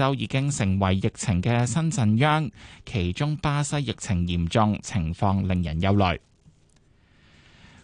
州已經成為疫情嘅新震央，其中巴西疫情嚴重，情況令人憂慮。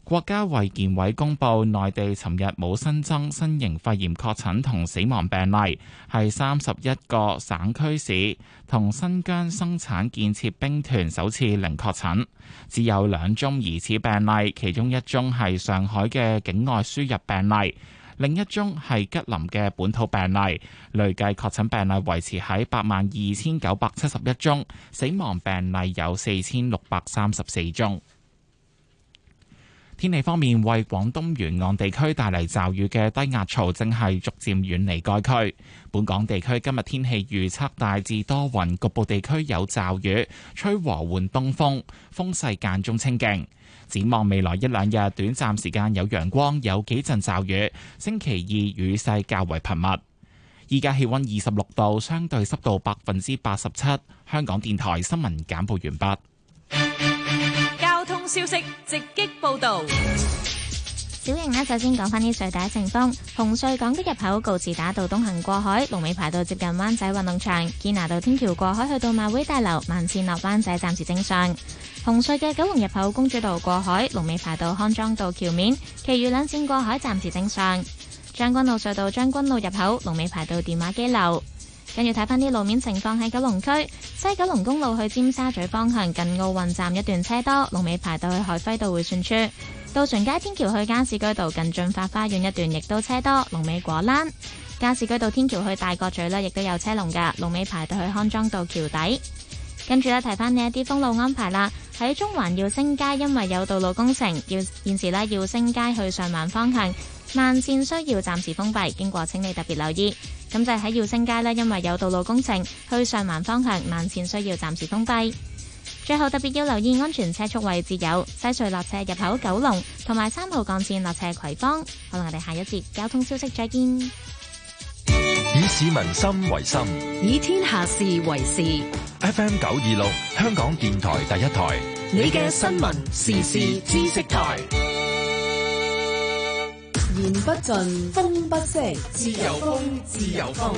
國家衛健委公布，內地尋日冇新增新型肺炎確診同死亡病例，係三十一個省區市同新疆生產建設兵團首次零確診，只有兩宗疑似病例，其中一宗係上海嘅境外輸入病例。另一宗係吉林嘅本土病例，累計確診病例維持喺八萬二千九百七十一宗，死亡病例有四千六百三十四宗。天氣方面，為廣東沿岸地區帶嚟驟雨嘅低壓槽正係逐漸遠離該區。本港地區今日天氣預測大致多雲，局部地區有驟雨，吹和緩東風，風勢間中清勁。展望未來一兩日，短暫時間有陽光，有幾陣驟雨。星期二雨勢較為頻密。依家氣溫二十六度，相對濕度百分之八十七。香港電台新聞簡報完畢。交通消息直擊報道。小瑩呢，首先講翻啲隧道情況。紅隧港島入口，告示打道東行過海，龍尾排到接近灣仔運動場；堅拿道天橋過海去到馬會大樓，慢線落灣仔暫時正常。紅隧嘅九龍入口，公主道過海，龍尾排到康莊道橋面，其餘兩線過海暫時正常。將軍澳隧道將軍澳入口，龍尾排到電話機樓，跟住睇翻啲路面情況喺九龍區，西九龍公路去尖沙咀方向，近奧運站一段車多，龍尾排到去海輝道匯順處。到船街天橋去加士居道近駿發花園一段，亦都車多。龍尾果欄，加士居道天橋去大角咀呢，亦都有車龍噶。龍尾排到去康莊道橋底。跟住咧，提翻呢一啲封路安排啦。喺中環耀星街，因為有道路工程，要現時咧，耀星街去上環方向慢線需要暫時封閉，經過請你特別留意。咁就喺耀星街呢，因為有道路工程，去上環方向慢線需要暫時封閉。最後特別要留意安全車速位置有西隧落斜入口九龍、九龍同埋三號幹線落斜葵芳。好啦，我哋下一節交通消息再見。以市民心為心，以天下事為事。FM 九二六，香港電台第一台，你嘅新聞時事知識台。言不盡，風不息，自由風，自由風。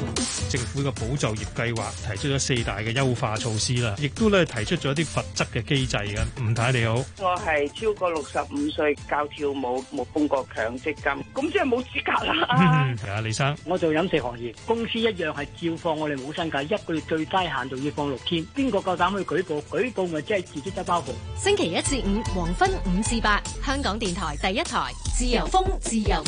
政府嘅保就業計劃提出咗四大嘅優化措施啦，亦都咧提出咗一啲罰則嘅機制嘅。吳太，你好，我係超過六十五歲教跳舞冇供過強積金，咁即係冇資格啦。係、嗯、啊，李生，我做飲食行業，公司一樣係照放我哋冇薪假，一個月最低限度要放六天。邊個夠膽去舉報？舉報咪即係自己得包袱。星期一至五黃昏五至八，香港電台第一台，自由風，自由風。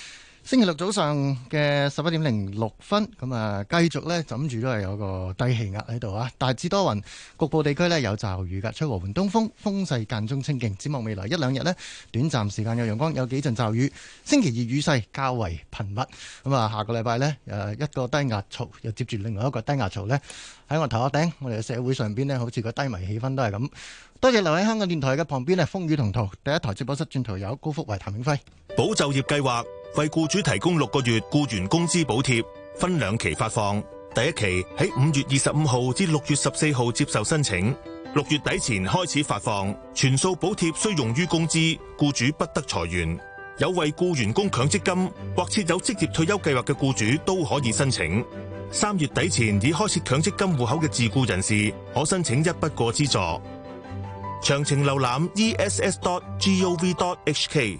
星期六早上嘅十一點零六分，咁啊繼續咧諗住都係有個低氣壓喺度啊，大致多雲，局部地區咧有驟雨噶，吹和緩東風，風勢間中清勁。展望未來一兩日呢，短暫時間有陽光，有幾陣驟雨。星期二雨勢較為頻密。咁啊，下個禮拜呢，誒一個低壓槽又接住另外一個低壓槽呢喺我頭頂。我哋嘅社會上邊呢，好似個低迷氣氛都係咁。多謝留喺香港電台嘅旁邊咧，風雨同途。第一台直播室轉頭有高福為譚永輝保就業計劃。為雇主提供六個月雇員工資補貼，分兩期發放。第一期喺五月二十五號至六月十四號接受申請，六月底前開始發放。全數補貼需用於工資，雇主不得裁員。有為雇員工強積金或設有職業退休計劃嘅雇主都可以申請。三月底前已開設強積金戶口嘅自雇人士可申請一筆過資助。詳情瀏覽 e s s dot g o v dot h k。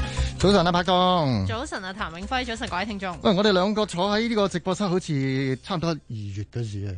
早晨啊，柏江！早晨啊，譚永輝！早晨，各位聽眾。喂，我哋兩個坐喺呢個直播室，好似差唔多二月嗰時啊。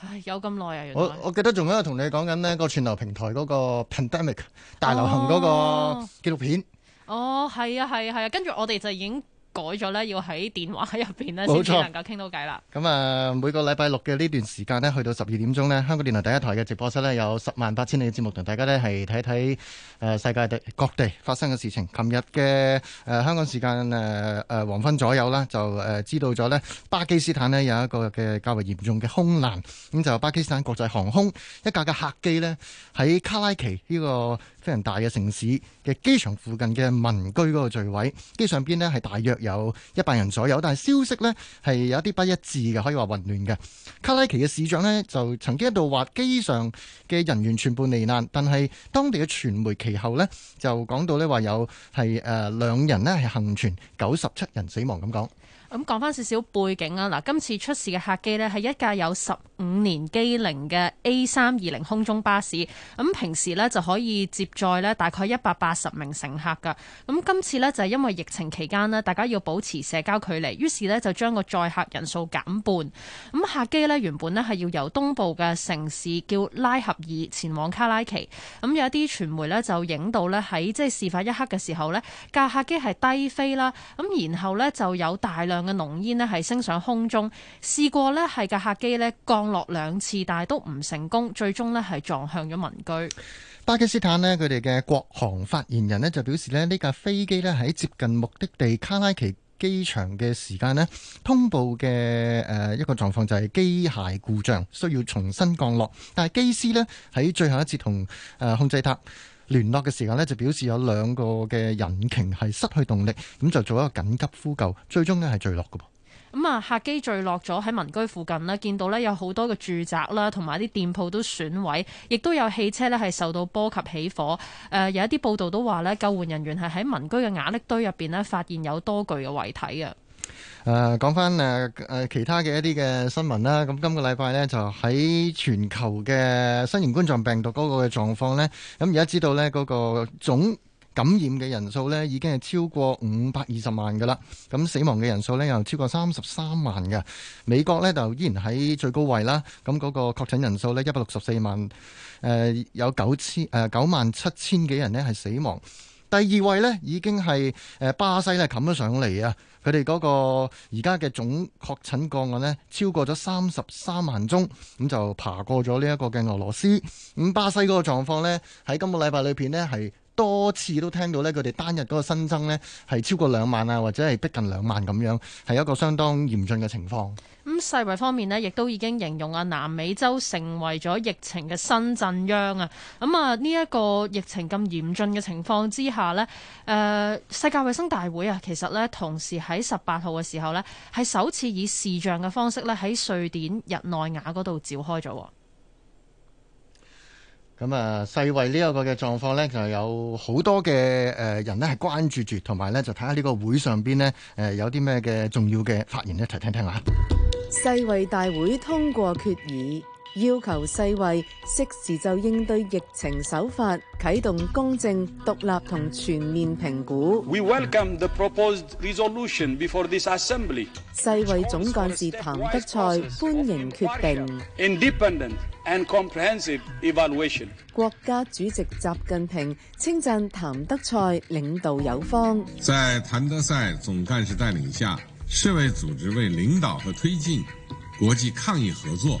唉，有咁耐啊，原來。我我記得仲喺度同你講緊呢個串流平台嗰個 pandemic 大流行嗰個紀錄片。哦，係啊，係啊，係啊，跟住我哋就已經。改咗呢，要喺電話入邊呢先至能夠傾到偈啦。咁啊，每個禮拜六嘅呢段時間呢，去到十二點鐘呢，香港電台第一台嘅直播室呢，有十萬八千里嘅節目同大家呢係睇睇誒世界地各地發生嘅事情。琴日嘅誒香港時間誒誒黃昏左右啦，就誒知道咗呢巴基斯坦呢有一個嘅較為嚴重嘅空難，咁就巴基斯坦國際航空一架嘅客機呢，喺卡拉奇呢個非常大嘅城市嘅機場附近嘅民居嗰個聚位，機上邊咧係大約有一百人左右，但係消息咧係有一啲不一致嘅，可以話混亂嘅。卡拉奇嘅市長咧就曾經一度話機上嘅人員全部罹難，但係當地嘅傳媒其後咧就講到咧話有係誒兩人咧係幸存，九十七人死亡咁講。咁講翻少少背景啦，嗱，今次出事嘅客機呢，係一架有十五年機齡嘅 A320 空中巴士，咁平時呢，就可以接載呢大概一百八十名乘客㗎。咁今次呢，就係因為疫情期間呢，大家要保持社交距離，於是呢，就將個載客人數減半。咁客機呢，原本呢，係要由東部嘅城市叫拉合爾前往卡拉奇，咁有一啲傳媒呢，就影到呢，喺即係事發一刻嘅時候呢，架客機係低飛啦，咁然後呢，就有大量嘅濃煙咧，係升上空中，試過咧，係架客機咧，降落兩次，但係都唔成功，最終咧，係撞向咗民居。巴基斯坦咧，佢哋嘅國航發言人咧，就表示咧，呢架飛機咧，喺接近目的地卡拉奇機場嘅時間咧，通報嘅誒一個狀況就係機械故障，需要重新降落，但係機師咧，喺最後一次同誒控制塔聯絡嘅時間呢，就表示有兩個嘅引擎係失去動力，咁就做一個緊急呼救，最終呢係墜落嘅噃。咁啊，客機墜落咗喺民居附近呢，見到呢有好多嘅住宅啦，同埋啲店鋪都損毀，亦都有汽車呢係受到波及起火。誒、呃，有一啲報道都話呢，救援人員係喺民居嘅瓦礫堆入邊呢，發現有多具嘅遺體啊。誒、呃，講返誒誒，其他嘅一啲嘅新聞啦。咁、嗯、今個禮拜呢，就喺全球嘅新型冠狀病毒嗰個嘅狀況呢。咁而家知道呢，嗰、那個總感染嘅人數呢已經係超過五百二十萬噶啦。咁、嗯、死亡嘅人數呢又超過三十三萬㗎。美國呢就依然喺最高位啦。咁、嗯、嗰、那個確診人數呢，一百六十四萬。誒、呃，有九千誒九、呃、萬七千幾人呢係死亡。第二位呢已經係誒巴西呢冚咗上嚟啊！佢哋嗰個而家嘅總確診個案呢超過咗三十三萬宗，咁就爬過咗呢一個嘅俄羅斯。咁巴西嗰個狀況呢，喺今個禮拜裏邊呢，係多次都聽到呢，佢哋單日嗰個新增呢，係超過兩萬啊，或者係逼近兩萬咁樣，係一個相當嚴峻嘅情況。咁世衛方面呢，亦都已經形容啊，南美洲成為咗疫情嘅新震央啊！咁啊呢一、這個疫情咁嚴峻嘅情況之下呢，誒、啊、世界衛生大會啊，其實呢，同時喺十八號嘅時候呢，係首次以視像嘅方式呢，喺瑞典日內瓦嗰度召開咗。咁啊，世衛呢一個嘅狀況咧，就有好多嘅人咧係關注住，同埋咧就睇下呢個會上邊咧、呃、有啲咩嘅重要嘅發言一齊聽聽下。世衛大會通過決議。要求世衛適時就應對疫情手法啟動公正、獨立同全面評估。世衛總幹事譚德塞歡迎決定。國家主席習近平稱讚譚德塞領導有方。在譚德塞總幹事帶領下，世衛組織為領導和推進國際抗疫合作。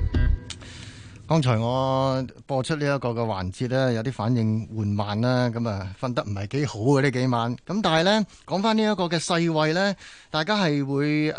剛才我播出呢一個嘅環節呢，有啲反應緩慢啦，咁啊瞓得唔係幾好嘅呢幾晚。咁但係呢，講翻呢一個嘅世衛呢，大家係會誒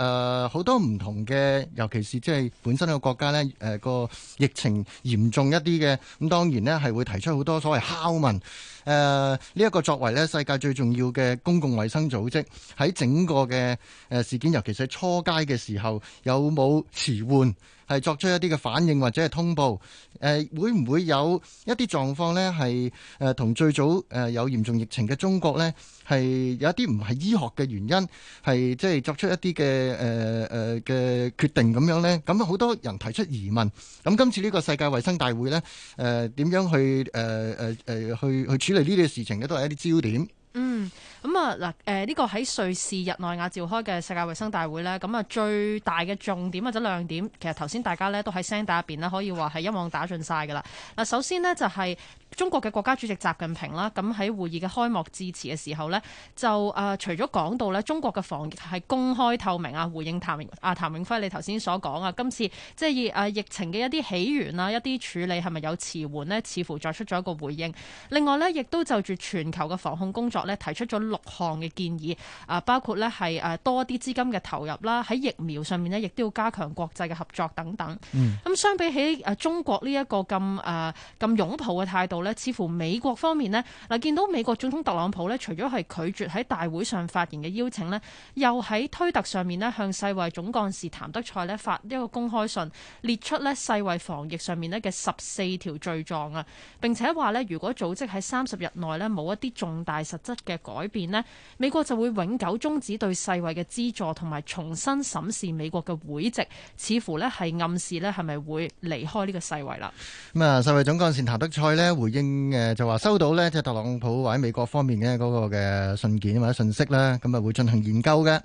好、呃、多唔同嘅，尤其是即係本身個國家呢誒個疫情嚴重一啲嘅，咁當然呢，係會提出好多所謂敲問誒呢一個作為呢世界最重要嘅公共衛生組織，喺整個嘅誒事件，尤其是初階嘅時候，有冇遲緩？係作出一啲嘅反應或者係通報，誒、呃、會唔會有一啲狀況呢？係誒同最早誒、呃、有嚴重疫情嘅中國呢，係有一啲唔係醫學嘅原因，係即係作出一啲嘅誒誒嘅決定咁樣呢。咁好多人提出疑問。咁今次呢個世界衞生大會呢，誒、呃、點樣去誒誒誒去去處理呢啲事情呢，都係一啲焦點。嗯，咁啊嗱，誒呢個喺瑞士日內亞召開嘅世界衛生大會呢，咁啊最大嘅重點或者亮點，其實頭先大家呢都喺聲帶入邊呢，可以話係一網打盡晒噶啦。嗱，首先呢就係。中國嘅國家主席習近平啦，咁喺會議嘅開幕致辭嘅時候咧，就誒、呃、除咗講到咧中國嘅防疫係公開透明啊，回應譚啊譚永輝你頭先所講啊，今次即係、啊、疫情嘅一啲起源啊，一啲處理係咪有遲緩咧？似乎作出咗一個回應。另外咧，亦都就住全球嘅防控工作咧，提出咗六項嘅建議啊，包括咧係誒多啲資金嘅投入啦，喺疫苗上面咧，亦都要加強國際嘅合作等等。咁、嗯嗯、相比起誒、啊、中國呢一個咁誒咁擁抱嘅態度。似乎美國方面咧，嗱，見到美國總統特朗普咧，除咗係拒絕喺大會上發言嘅邀請咧，又喺推特上面咧向世衛總幹事譚德賽咧發一個公開信，列出咧世衛防疫上面咧嘅十四條罪狀啊！並且話咧，如果組織喺三十日內咧冇一啲重大實質嘅改變咧，美國就會永久終止對世衛嘅資助同埋重新審視美國嘅會籍。似乎咧係暗示咧係咪會離開呢個世衛啦？咁啊，世衛總幹事譚德賽咧回。英誒就話收到咧，即係特朗普喺美國方面嘅嗰個嘅信件或者信息啦，咁啊會進行研究嘅。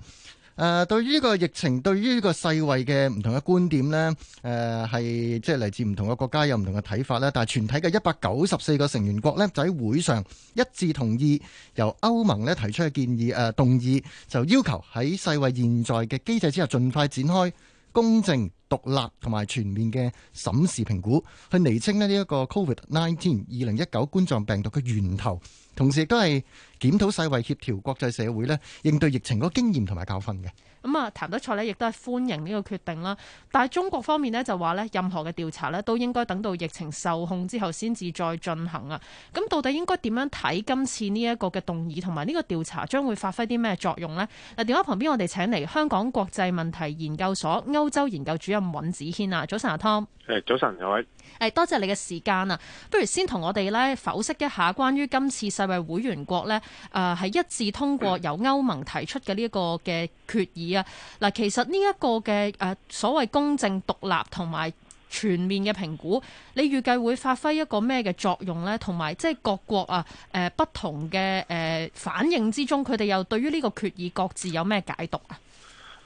誒，對於個疫情，對於呢個世衛嘅唔同嘅觀點呢，誒係即係嚟自唔同嘅國家有唔同嘅睇法咧。但係全體嘅一百九十四個成員國就喺會上一致同意，由歐盟咧提出嘅建議，誒動議就要求喺世衛現在嘅機制之下盡快展開。公正、獨立同埋全面嘅審視評估，去釐清呢一個 Covid Nineteen 二零一九冠狀病毒嘅源頭，同時亦都係檢討世衞協，協調國際社會咧應對疫情嗰個經驗同埋教訓嘅。咁、嗯、啊，譚德塞咧亦都係歡迎呢個決定啦，但係中國方面呢，就話咧，任何嘅調查咧都應該等到疫情受控之後先至再進行啊。咁、嗯、到底應該點樣睇今次呢一個嘅動議同埋呢個調查將會發揮啲咩作用呢？嗱，電話旁邊我哋請嚟香港國際問題研究所歐洲研究主任尹子軒，啊，早晨阿湯。誒，早晨，各位。誒多謝你嘅時間啊！不如先同我哋咧剖析一下關於今次世衛會員國咧呃、係一致通過由歐盟提出嘅呢一個嘅決議啊！嗱，其實呢一個嘅誒所謂公正獨立同埋全面嘅評估，你預計會發揮一個咩嘅作用咧？同埋即係各國啊誒不同嘅誒反應之中，佢哋又對於呢個決議各自有咩解讀啊？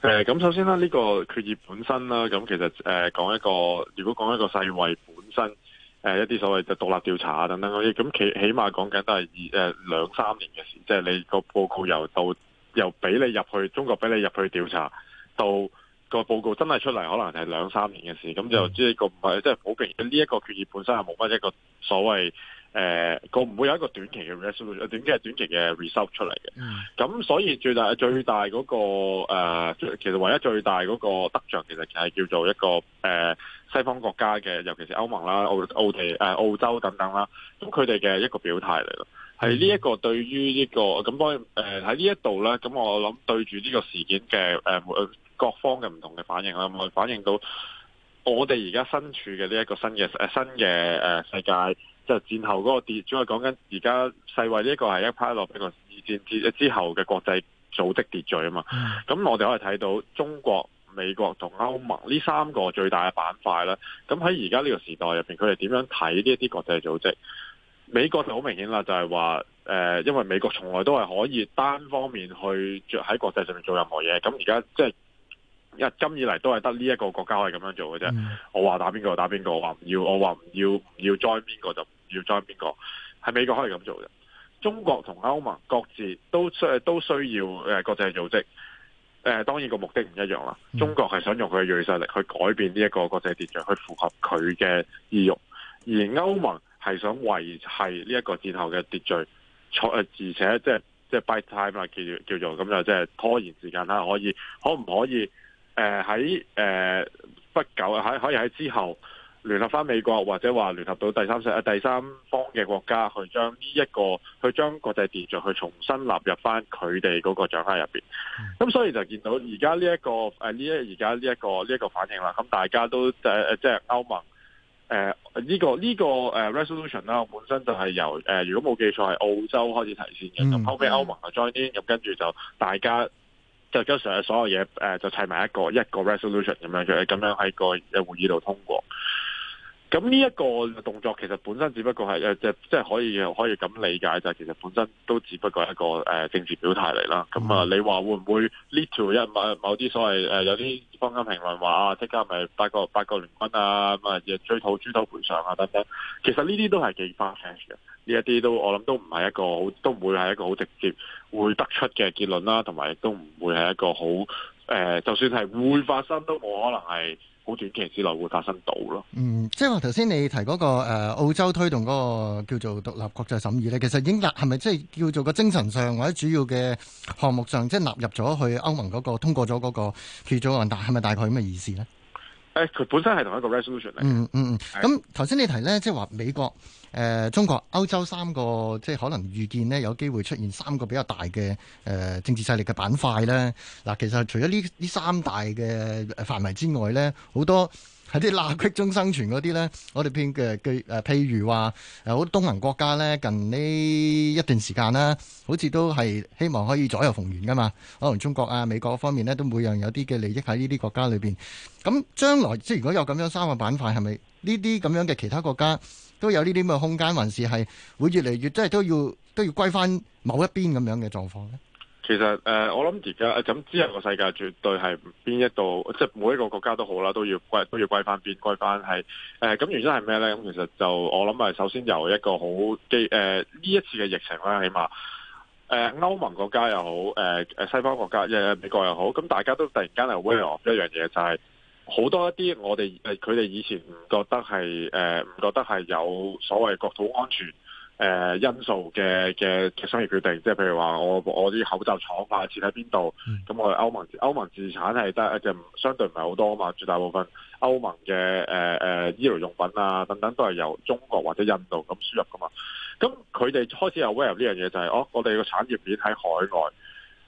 誒、呃，咁首先啦，呢個決議本身啦，咁其實誒講一個，如果講一個世衛本身，誒一啲所謂嘅獨立調查啊等等嗰啲，咁起起碼講緊都係二誒兩三年嘅事，即係你個報告由到，由俾你入去中國俾你入去調查，到個報告真係出嚟，可能係兩三年嘅事，咁，嗯，就即係個唔係，即係好明顯呢一個決議本身係冇乜一個所謂。誒、呃，個唔會有一個短期嘅 resolution，點解係短期嘅 result 出嚟嘅？咁所以最大最大嗰、那個誒、呃，其實唯一最大嗰個得着，其實係叫做一個誒、呃，西方國家嘅，尤其是歐盟啦、奧奧地誒、呃、澳洲等等啦，咁佢哋嘅一個表態嚟咯。係呢一個對於、這個呃、呢個咁，我誒喺呢一度咧，咁我諗對住呢個事件嘅誒、呃、各方嘅唔同嘅反應啦，我反映到我哋而家身處嘅呢一個新嘅誒新嘅誒、呃、世界。就係戰後嗰個秩序，主要係講緊而家世衛呢個係一 part 落呢個二戰之之後嘅國際組織秩序啊嘛。咁、嗯、我哋可以睇到中國、美國同歐盟呢三個最大嘅板塊咧。咁喺而家呢個時代入邊，佢哋點樣睇呢一啲國際組織？美國就好明顯啦，就係話誒，因為美國從來都係可以單方面去做喺國際上面做任何嘢。咁而家即係。因為今以嚟都係得呢一個國家可以咁樣做嘅啫。我話打邊個打邊個，我話唔要，我話唔要唔要 join 邊個就唔要 join 邊個。係美國可以咁做嘅，中國同歐盟各自都需都需要誒國際組織。誒，當然個目的唔一樣啦。中國係想用佢嘅銳實力去改變呢一個國際秩序，去符合佢嘅意欲；而歐盟係想維繫呢一個戰後嘅秩序。再而且，即係即係 by time 叫做叫做咁即係拖延時間啦，可以可唔可以？誒、呃，喺誒、呃、不久，喺可以喺之後聯合翻美國，或者話聯合到第三世誒第三方嘅國家，去將呢一個去將國際秩序去重新納入翻佢哋嗰個掌握入邊。咁所以就見到而家呢一個誒呢一而家呢一個呢一、這個這個反應啦。咁大家都誒即係歐盟誒呢個呢、這個誒 resolution 啦，本身就係由誒、呃、如果冇記錯係澳洲開始提先嘅，咁後尾歐盟就 join in 咁跟住就大家。就將成日所有嘢誒就砌埋一個一個 resolution 咁樣，就咁喺個嘅會議度通過。咁呢一個動作其實本身只不過係即係即係可以可以咁理解就係其實本身都只不過一個誒、呃、政治表態嚟啦。咁啊，你話會唔會 lead to 一某某啲所謂誒、呃、有啲坊間評論話即刻咪八國八國聯軍啊，咪啊追討追討賠償啊等等？其實呢啲都係幾 backfire 嘅。呢一啲都我諗都唔係一個好，都唔會係一個好直接會得出嘅結論啦、啊，同埋亦都唔會係一個好誒、呃，就算係會發生都冇可能係好短期之內會發生到咯。嗯，即係話頭先你提嗰、那個誒、呃、澳洲推動嗰個叫做獨立國際審議咧，其實已經係咪即係叫做個精神上或者主要嘅項目上，即係納入咗去歐盟嗰、那個通過咗嗰、那個叫做決議案，係咪大概咁嘅意思咧？誒、哎，佢本身係同一個 resolution 嚟。嗯嗯嗯。咁頭先你提呢，即係話美國、誒、呃、中國、歐洲三個，即係可能預見呢，有機會出現三個比較大嘅誒、呃、政治勢力嘅板塊咧。嗱，其實除咗呢呢三大嘅範圍之外咧，好多，喺啲罅隙中生存嗰啲呢，我哋偏嘅譬如話好多東盟國家呢，近呢一段時間啦，好似都係希望可以左右逢源噶嘛。可能中國啊、美國方面呢，都每樣有啲嘅利益喺呢啲國家裏面。咁將來即係如果有咁樣三個板塊，係咪呢啲咁樣嘅其他國家都有呢啲咁嘅空間，還是係會越嚟越即係都要都要歸翻某一邊咁樣嘅狀況呢？其實誒、呃，我諗而家咁之後個世界絕對係邊一度，即、就、係、是、每一個國家都好啦，都要歸都要歸翻邊，歸翻係誒。咁原因係咩咧？咁其實就我諗係首先由一個好基誒呢一次嘅疫情啦，起碼誒歐盟國家又好，誒、呃、誒西方國家美國又好，咁、呃、大家都突然間係 aware 一樣嘢，就係、是、好多一啲我哋誒佢哋以前唔覺得係誒唔覺得係有所謂國土安全。誒、呃、因素嘅嘅嘅商業決定，即係譬如話，我我啲口罩廠塊設喺邊度，咁我哋歐盟歐盟自產係得一隻，相對唔係好多啊嘛，絕大部分歐盟嘅誒誒醫療用品啊等等都係由中國或者印度咁輸入噶嘛，咁佢哋開始有 aware 呢樣嘢就係、是哦，我我哋個產業鏈喺海外。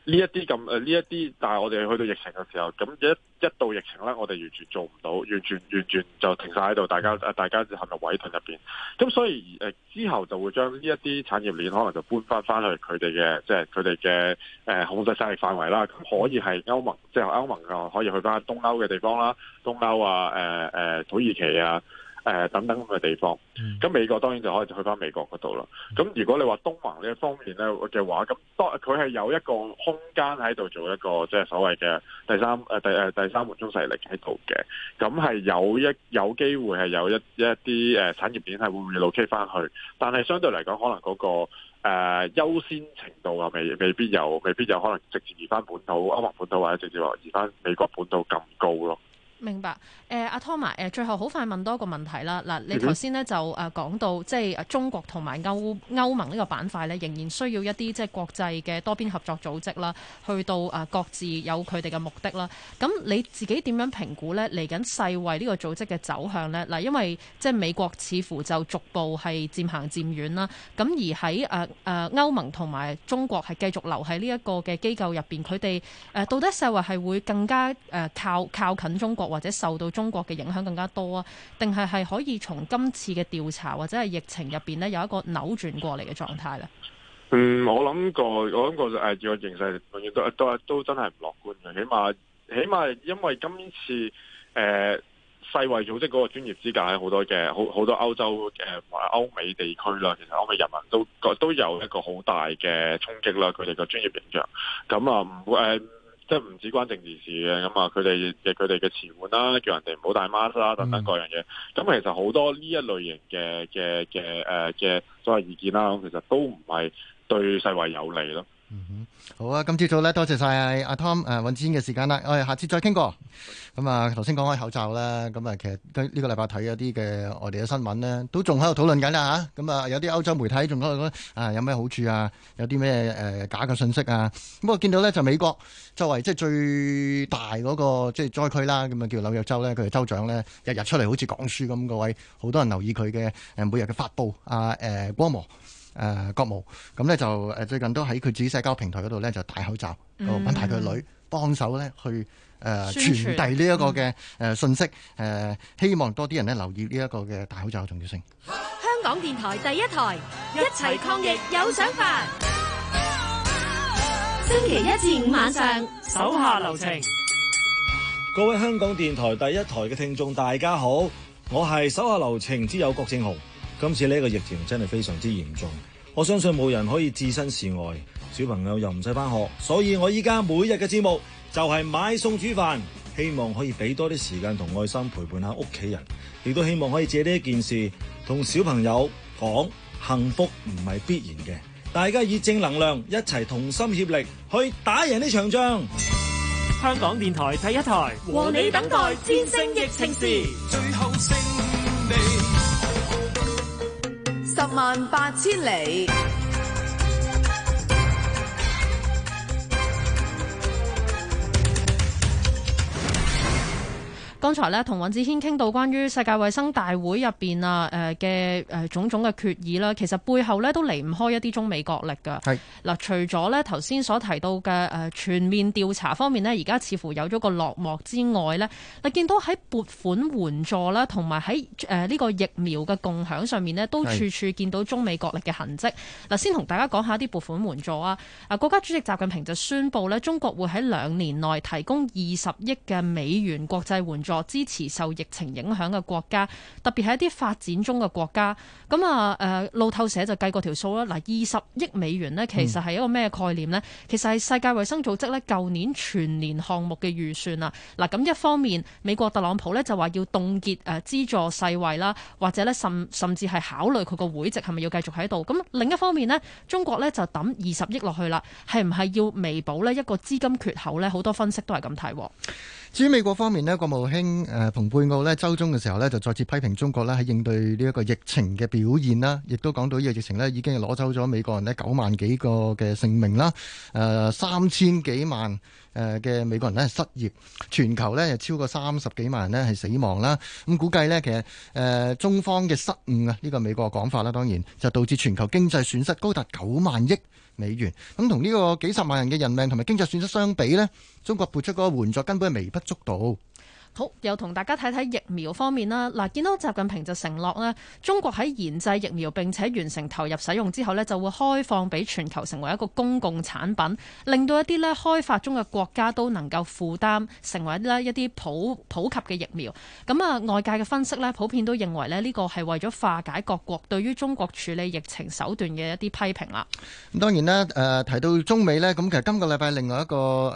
呢一啲咁誒，呢一啲，但係我哋去到疫情嘅時候，咁一一到疫情咧，我哋完全做唔到，完全完全就停晒喺度，大家誒，大家就陷入萎頓入邊。咁所以、呃、之後就會將呢一啲產業鏈，可能就搬翻翻去佢哋嘅，即係佢哋嘅誒控制勢力範圍啦。可以係歐盟，即、就、係、是、歐盟嘅，可以去翻東歐嘅地方啦，東歐啊，誒、呃、土耳其啊。誒等等咁嘅地方，咁美國當然就可以去翻美國嗰度啦。咁如果你話東盟呢一方面咧嘅話，咁當佢係有一個空間喺度做一個即係、就是、所謂嘅第三誒第誒第三門中勢力喺度嘅，咁係有一有機會係有一一啲誒產業鏈係會唔會倒 K 翻去，但係相對嚟講，可能嗰、那個誒、呃、優先程度啊，未未必有，未必有可能直接移翻本土歐盟本土或者直接移翻美國本土咁高咯。明白，誒阿 Tommy，誒最後好快問多一個問題啦。嗱、mm -hmm.，你頭先咧就誒講到即係誒中國同埋歐歐盟呢個板塊咧，仍然需要一啲即係國際嘅多邊合作組織啦，去到誒各自有佢哋嘅目的啦。咁你自己點樣評估咧，嚟緊世衛呢個組織嘅走向咧？嗱，因為即係、就是、美國似乎就逐步係漸行漸遠啦。咁而喺誒誒歐盟同埋中國係繼續留喺呢一個嘅機構入邊，佢哋誒到底世衛係會更加誒靠靠近中國。或者受到中國嘅影響更加多啊？定係係可以從今次嘅調查或者係疫情入邊咧有一個扭轉過嚟嘅狀態咧？嗯，我諗過，我諗過誒，個、呃、形勢、呃、都都都真係唔樂觀嘅。起碼起碼因為今次誒、呃、世衛組織嗰個專業資格係好多嘅，好好多歐洲誒或歐美地區啦，其實歐美人民都覺都有一個好大嘅衝擊啦，佢哋嘅專業形象咁啊唔會誒。即係唔止關政治事嘅，咁啊佢哋嘅佢哋嘅詞彙啦，叫人哋唔好戴 mask 啦，等等各樣嘢，咁、嗯、其實好多呢一類型嘅嘅嘅誒嘅所謂意見啦，其實都唔係對世衛有利咯。嗯，好啊！今朝早咧，多謝晒阿 Tom 誒，尹志英嘅時間啦。我、哎、哋下次再傾過。咁啊，頭先講開口罩啦。咁啊，其實呢個禮拜睇嗰啲嘅外地嘅新聞呢，都仲喺度討論緊啦吓。咁啊，有啲歐洲媒體仲喺度講啊，有咩好處啊？有啲咩誒假嘅信息啊？咁我見到呢，就美國作為即係最大嗰個即係災區啦，咁啊叫紐約州呢，佢哋州長呢，日日出嚟好似講書咁，各位，好多人留意佢嘅誒每日嘅發佈啊誒、呃、光芒。誒、呃、國務，咁咧就最近都喺佢自己社交平台嗰度咧就戴口罩，揾埋佢女幫手咧去誒、呃、傳、傳遞呢一個嘅誒信息，誒、嗯、希望多啲人咧留意呢一個嘅戴口罩嘅重要性。香港電台第一台，一齊抗疫有想法。星期一至五晚上，手下留情。各位香港電台第一台嘅聽眾，大家好，我係手下留情之友郭正雄。今次呢個疫情真係非常之嚴重，我相信冇人可以置身事外，小朋友又唔使返學，所以我依家每日嘅節目就係買餸煮飯，希望可以俾多啲時間同愛心陪伴下屋企人，亦都希望可以借呢一件事同小朋友講，幸福唔係必然嘅，大家以正能量一齊同心協力去打贏呢場仗。香港電台第一台和你等待戰勝疫情時，最後十萬八千里。剛才咧同尹子軒傾到關於世界衛生大會入邊啊誒嘅誒種種嘅決議啦，其實背後咧都離唔開一啲中美角力㗎。係嗱，除咗咧頭先所提到嘅誒全面調查方面咧，而家似乎有咗個落幕之外咧，你見到喺撥款援助啦，同埋喺誒呢個疫苗嘅共享上面咧，都處處見到中美角力嘅痕迹，嗱，先同大家講下啲撥款援助啊，啊國家主席習近平就宣布咧，中國會喺兩年內提供二十億嘅美元國際援助。支持受疫情影響嘅國家，特別係一啲發展中嘅國家。咁啊，誒路透社就計過條數啦。嗱，二十億美元呢，其實係一個咩概念呢？嗯、其實係世界衛生組織呢，舊年全年項目嘅預算啊。嗱，咁一方面，美國特朗普呢就話要凍結誒資助世衛啦，或者呢甚甚至係考慮佢個會籍是是，係咪要繼續喺度？咁另一方面呢，中國呢就抌二十億落去啦，係唔係要彌補呢一個資金缺口呢？好多分析都係咁睇。至於美國方面呢，國務卿誒蓬佩奧呢，周中嘅時候呢就再次批評中國呢喺應對呢一個疫情嘅表現啦，亦都講到呢個疫情呢已經攞走咗美國人呢九萬幾個嘅性命啦，誒、呃、三千幾萬誒嘅美國人呢失業，全球呢又超過三十幾萬人呢係死亡啦，咁估計呢，其實誒中方嘅失誤啊，呢、這個美國講法啦，當然就導致全球經濟損失高達九萬億，美元。咁同呢個幾十萬人嘅人命同埋經濟損失相比呢，中國撥出嗰個援助根本係微不足道。好，又同大家睇睇疫苗方面啦。嗱，見到習近平就承諾咧，中國喺研製疫苗並且完成投入使用之後咧，就會開放俾全球，成為一個公共產品，令到一啲咧開發中嘅國家都能夠負擔，成為咧一啲普普及嘅疫苗。咁啊，外界嘅分析咧，普遍都認為咧，呢個係為咗化解各國對於中國處理疫情手段嘅一啲批評啦。咁當然咧，誒提到中美咧，咁其實今個禮拜另外一個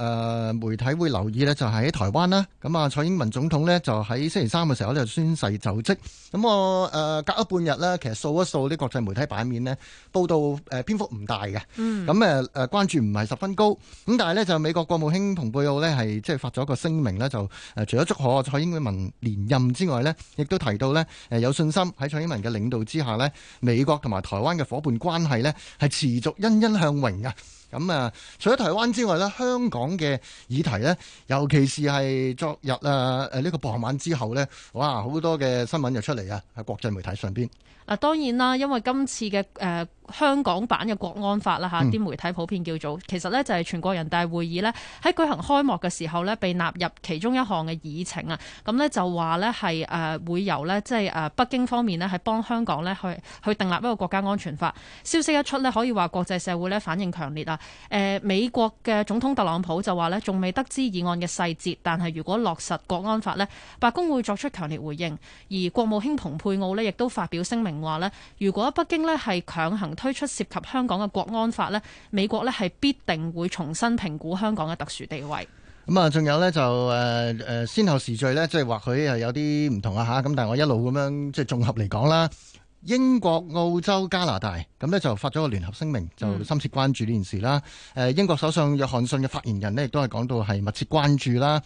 誒媒體會留意咧，就係喺台灣啦。咁啊，蔡英文總統呢就喺星期三嘅時候咧就宣誓就職，咁我誒隔咗半日呢，其實掃一掃啲國際媒體版面呢，報道誒篇幅唔大嘅，咁誒誒關注唔係十分高，咁但係呢，就美國國務卿蓬佩奧呢係即係發咗個聲明呢，就誒除咗祝賀蔡英文連任之外呢，亦都提到呢誒有信心喺蔡英文嘅領導之下呢，美國同埋台灣嘅夥伴關係呢係持續欣欣向榮啊！咁、嗯、啊，除咗台灣之外咧，香港嘅議題咧，尤其是係昨日啊，誒、呃、呢、這個傍晚之後咧，哇好多嘅新聞又出嚟啊，喺國際媒體上邊。嗱當然啦，因為今次嘅誒。呃香港版嘅國安法啦吓啲媒體普遍叫做，其實咧就係全國人大會議咧喺舉行開幕嘅時候咧，被納入其中一項嘅議程啊。咁咧就話咧係誒會由咧即係誒北京方面咧係幫香港咧去去訂立一個國家安全法。消息一出咧，可以話國際社會咧反應強烈啊。誒美國嘅總統特朗普就話咧仲未得知議案嘅細節，但係如果落實國安法咧，白宮會作出強烈回應，而國務卿蓬佩奧咧亦都發表聲明話咧，如果北京咧係強行。推出涉及香港嘅國安法呢，美國呢，係必定會重新評估香港嘅特殊地位。咁、嗯、啊，仲有呢，就誒誒、呃、先後時序呢，即係或許係有啲唔同啊吓。咁但係我一路咁樣，即係綜合嚟講啦，英國、澳洲、加拿大咁呢就發咗個聯合聲明，就深切關注呢件事啦。誒、嗯，英國首相約翰遜嘅發言人呢，亦都係講到係密切關注啦。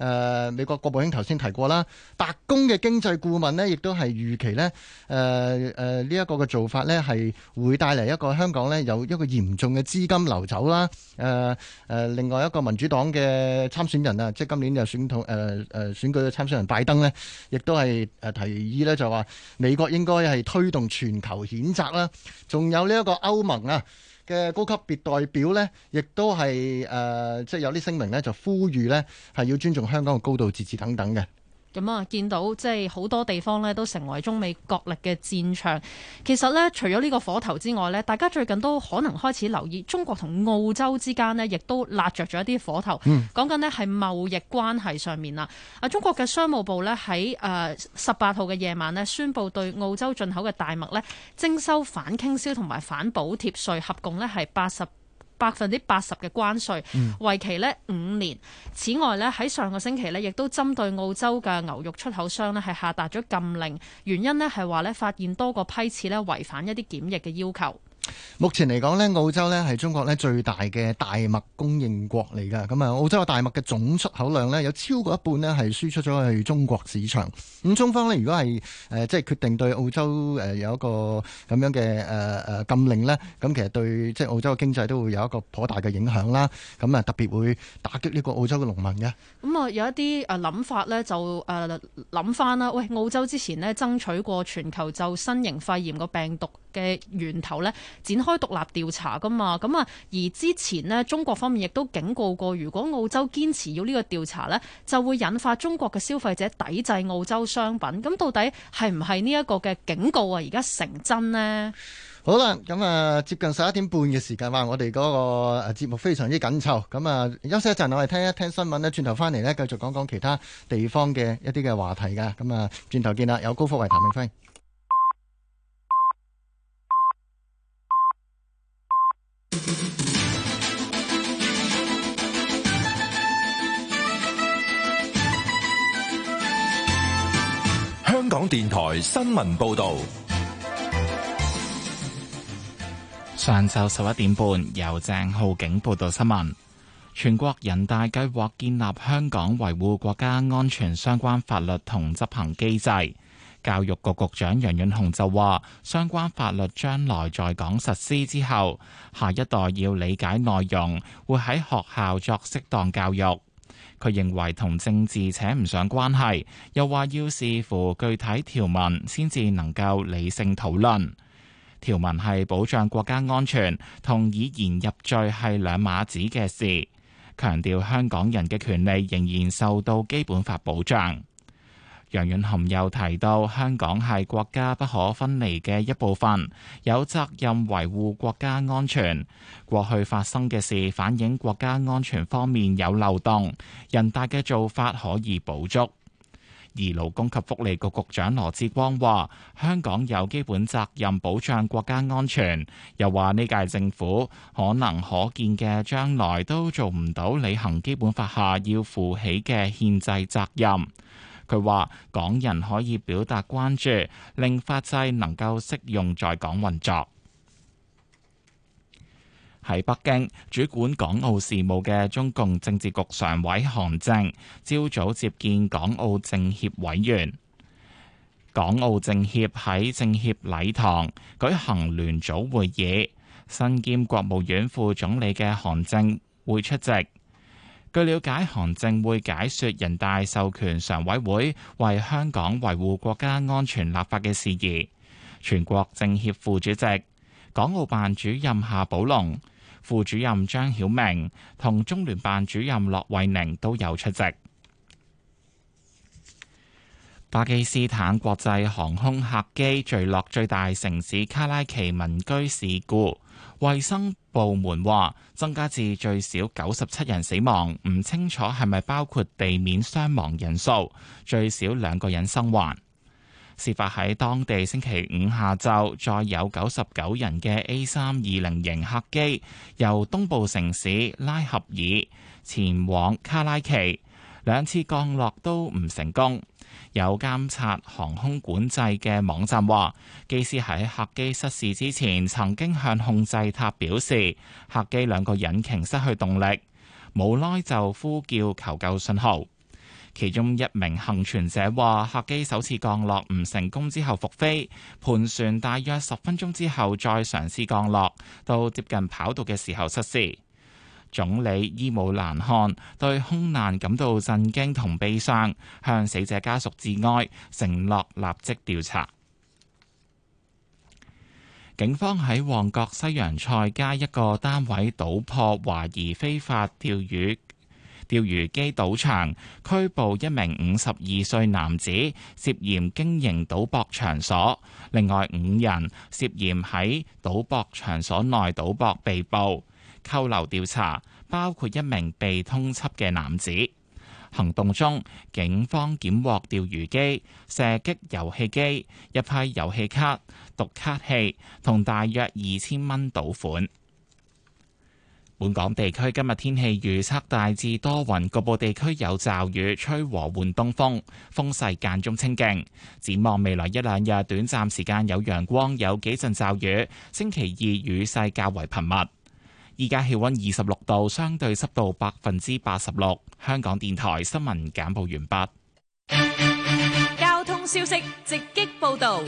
誒、呃、美國國務卿頭先提過啦，白宮嘅經濟顧問呢，亦都係預期咧，誒誒呢一個嘅做法呢，係會帶嚟一個香港呢，有一個嚴重嘅資金流走啦。誒、呃、誒、呃，另外一個民主黨嘅參選人啊，即係今年就選統誒誒選舉嘅參選人拜登呢，亦都係誒提議呢，就話美國應該係推動全球譴責啦，仲有呢一個歐盟啊。嘅高級別代表咧，亦都係誒，即係有啲聲明咧，就呼籲咧，係要尊重香港嘅高度自治等等嘅。咁啊，見到即係好多地方呢都成為中美角力嘅戰場。其實呢，除咗呢個火頭之外呢，大家最近都可能開始留意中國同澳洲之間呢，亦都揦着咗一啲火頭，講緊呢係貿易關係上面啦。啊，中國嘅商務部呢喺誒十八號嘅夜晚呢宣布對澳洲進口嘅大麥呢徵收反傾銷同埋反補貼稅，合共呢係八十。百分之八十嘅關稅，為期呢五年。此外咧喺上個星期咧，亦都針對澳洲嘅牛肉出口商咧，係下達咗禁令，原因咧係話咧發現多個批次咧違反一啲檢疫嘅要求。目前嚟講咧，澳洲咧係中國最大嘅大麥供應國嚟噶。咁啊，澳洲嘅大麥嘅總出口量有超過一半咧係輸出咗去中國市場。咁中方如果係誒即係決定對澳洲誒有一個咁樣嘅誒誒禁令呢，咁其實對即係澳洲嘅經濟都會有一個頗大嘅影響啦。咁啊特別會打擊呢個澳洲嘅農民嘅。咁、嗯、啊有一啲誒諗法呢，就誒諗翻啦。喂，澳洲之前咧爭取過全球就新型肺炎個病毒嘅源頭呢。展開獨立調查㗎嘛，咁啊，而之前呢，中國方面亦都警告過，如果澳洲堅持要呢個調查呢，就會引發中國嘅消費者抵制澳洲商品。咁到底係唔係呢一個嘅警告啊？而家成真呢？好啦，咁啊，接近十一點半嘅時間啦，我哋嗰個節目非常之緊湊，咁啊，休息一陣，我哋聽一聽新聞咧，轉頭翻嚟呢，繼續講講其他地方嘅一啲嘅話題㗎。咁啊，轉頭見啦，有高福為譚明輝。香港電台新聞報道：上晝十一點半，由鄭浩景報道新聞。全國人大計劃建立香港維護國家安全相關法律同執行機制。教育局局長楊潤雄就話：相關法律將來在港實施之後，下一代要理解內容，會喺學校作適當教育。佢認為同政治扯唔上關係，又話要視乎具體條文先至能夠理性討論。條文係保障國家安全，同以言入罪係兩碼子嘅事。強調香港人嘅權利仍然受到基本法保障。楊潤雄又提到，香港係國家不可分離嘅一部分，有責任維護國家安全。過去發生嘅事反映國家安全方面有漏洞，人大嘅做法可以補足。而勞工及福利局局長羅致光話，香港有基本責任保障國家安全，又話呢屆政府可能可見嘅將來都做唔到履行基本法下要負起嘅憲制責任。佢話：港人可以表達關注，令法制能夠適用在港運作。喺北京，主管港澳事務嘅中共政治局常委韓正，朝早接見港澳政協委員。港澳政協喺政協禮堂舉行聯組會議，身兼國務院副總理嘅韓正會出席。據了解，韓正會解說人大授權常委會為香港維護國家安全立法嘅事宜。全國政協副主席、港澳辦主任夏寶龍、副主任張曉明同中聯辦主任駱惠寧都有出席。巴基斯坦國際航空客機墜落最大城市卡拉奇民居事故。衛生部門話增加至最少九十七人死亡，唔清楚係咪包括地面傷亡人數，最少兩個人生還。事發喺當地星期五下晝，再有九十九人嘅 A 三二零型客機由東部城市拉合爾前往卡拉奇，兩次降落都唔成功。有監察航空管制嘅網站話，機師喺客機失事之前曾經向控制塔表示客機兩個引擎失去動力，無耐就呼叫求救信號。其中一名幸存者話，客機首次降落唔成功之後復飛，盤旋大約十分鐘之後再嘗試降落，到接近跑道嘅時候失事。總理伊姆蘭汗對空難感到震驚同悲傷，向死者家屬致哀，承諾立即調查。警方喺旺角西洋菜街一個單位搗破懷疑非法釣魚釣魚機賭場，拘捕一名五十二歲男子涉嫌經營賭博場所，另外五人涉嫌喺賭博場所內賭博被捕。扣留調查，包括一名被通緝嘅男子。行動中，警方檢獲釣魚機、射擊遊戲機、一批遊戲卡、讀卡器同大約二千蚊賭款。本港地區今日天氣預測大致多雲，局部地區有驟雨，吹和緩東風，風勢間中清勁。展望未來一兩日，短暫時間有陽光，有幾陣驟雨。星期二雨勢較為頻密。依家氣溫二十六度，相對濕度百分之八十六。香港電台新聞簡報完畢。交通消息直擊報道。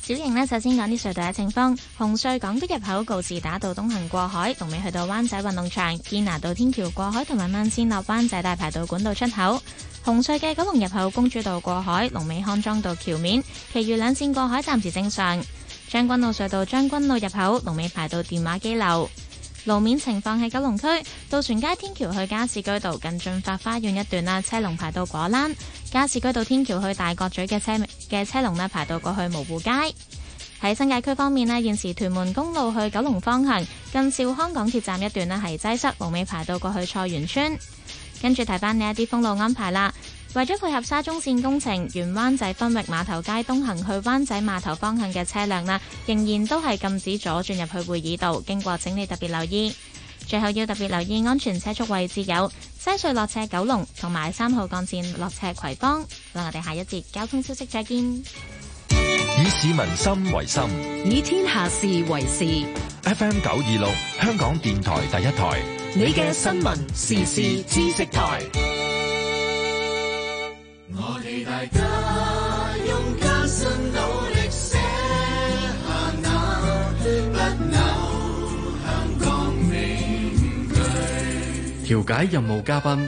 小瑩呢，首先講啲隧道嘅情況。紅隧港島入口告士打道東行過海，龍尾去到灣仔運動場堅拿道天橋過海，同埋慢線落灣仔大排道管道出口。紅隧嘅九龍入口公主道過海，龍尾康莊道橋面。其餘兩線過海暫時正常。將軍澳隧道將軍澳入口龍尾排到電話機樓。路面情況喺九龍區，渡船街天橋去加士居道近進發花園一段啦，車龍排到果欄；加士居道天橋去大角咀嘅車嘅車龍排到過去蕪湖街。喺新界區方面咧，現時屯門公路去九龍方向近兆康港鐵站一段咧係擠塞，龍尾排到過去菜園村。跟住睇翻呢一啲封路安排啦。為咗配合沙中線工程，沿灣仔分域碼頭街東行去灣仔碼頭方向嘅車輛啦，仍然都係禁止左轉入去會議道。經過，請你特別留意。最後要特別留意安全車速位置，有西隧落斜九龍同埋三號幹線落斜葵芳。咁我哋下一節交通消息再見。以市民心為心，以天下事為事。F M 九二六，香港電台第一台，你嘅新聞時事知識台。我哋大家用艱辛努力寫下那不朽香港名句。調解任務嘉賓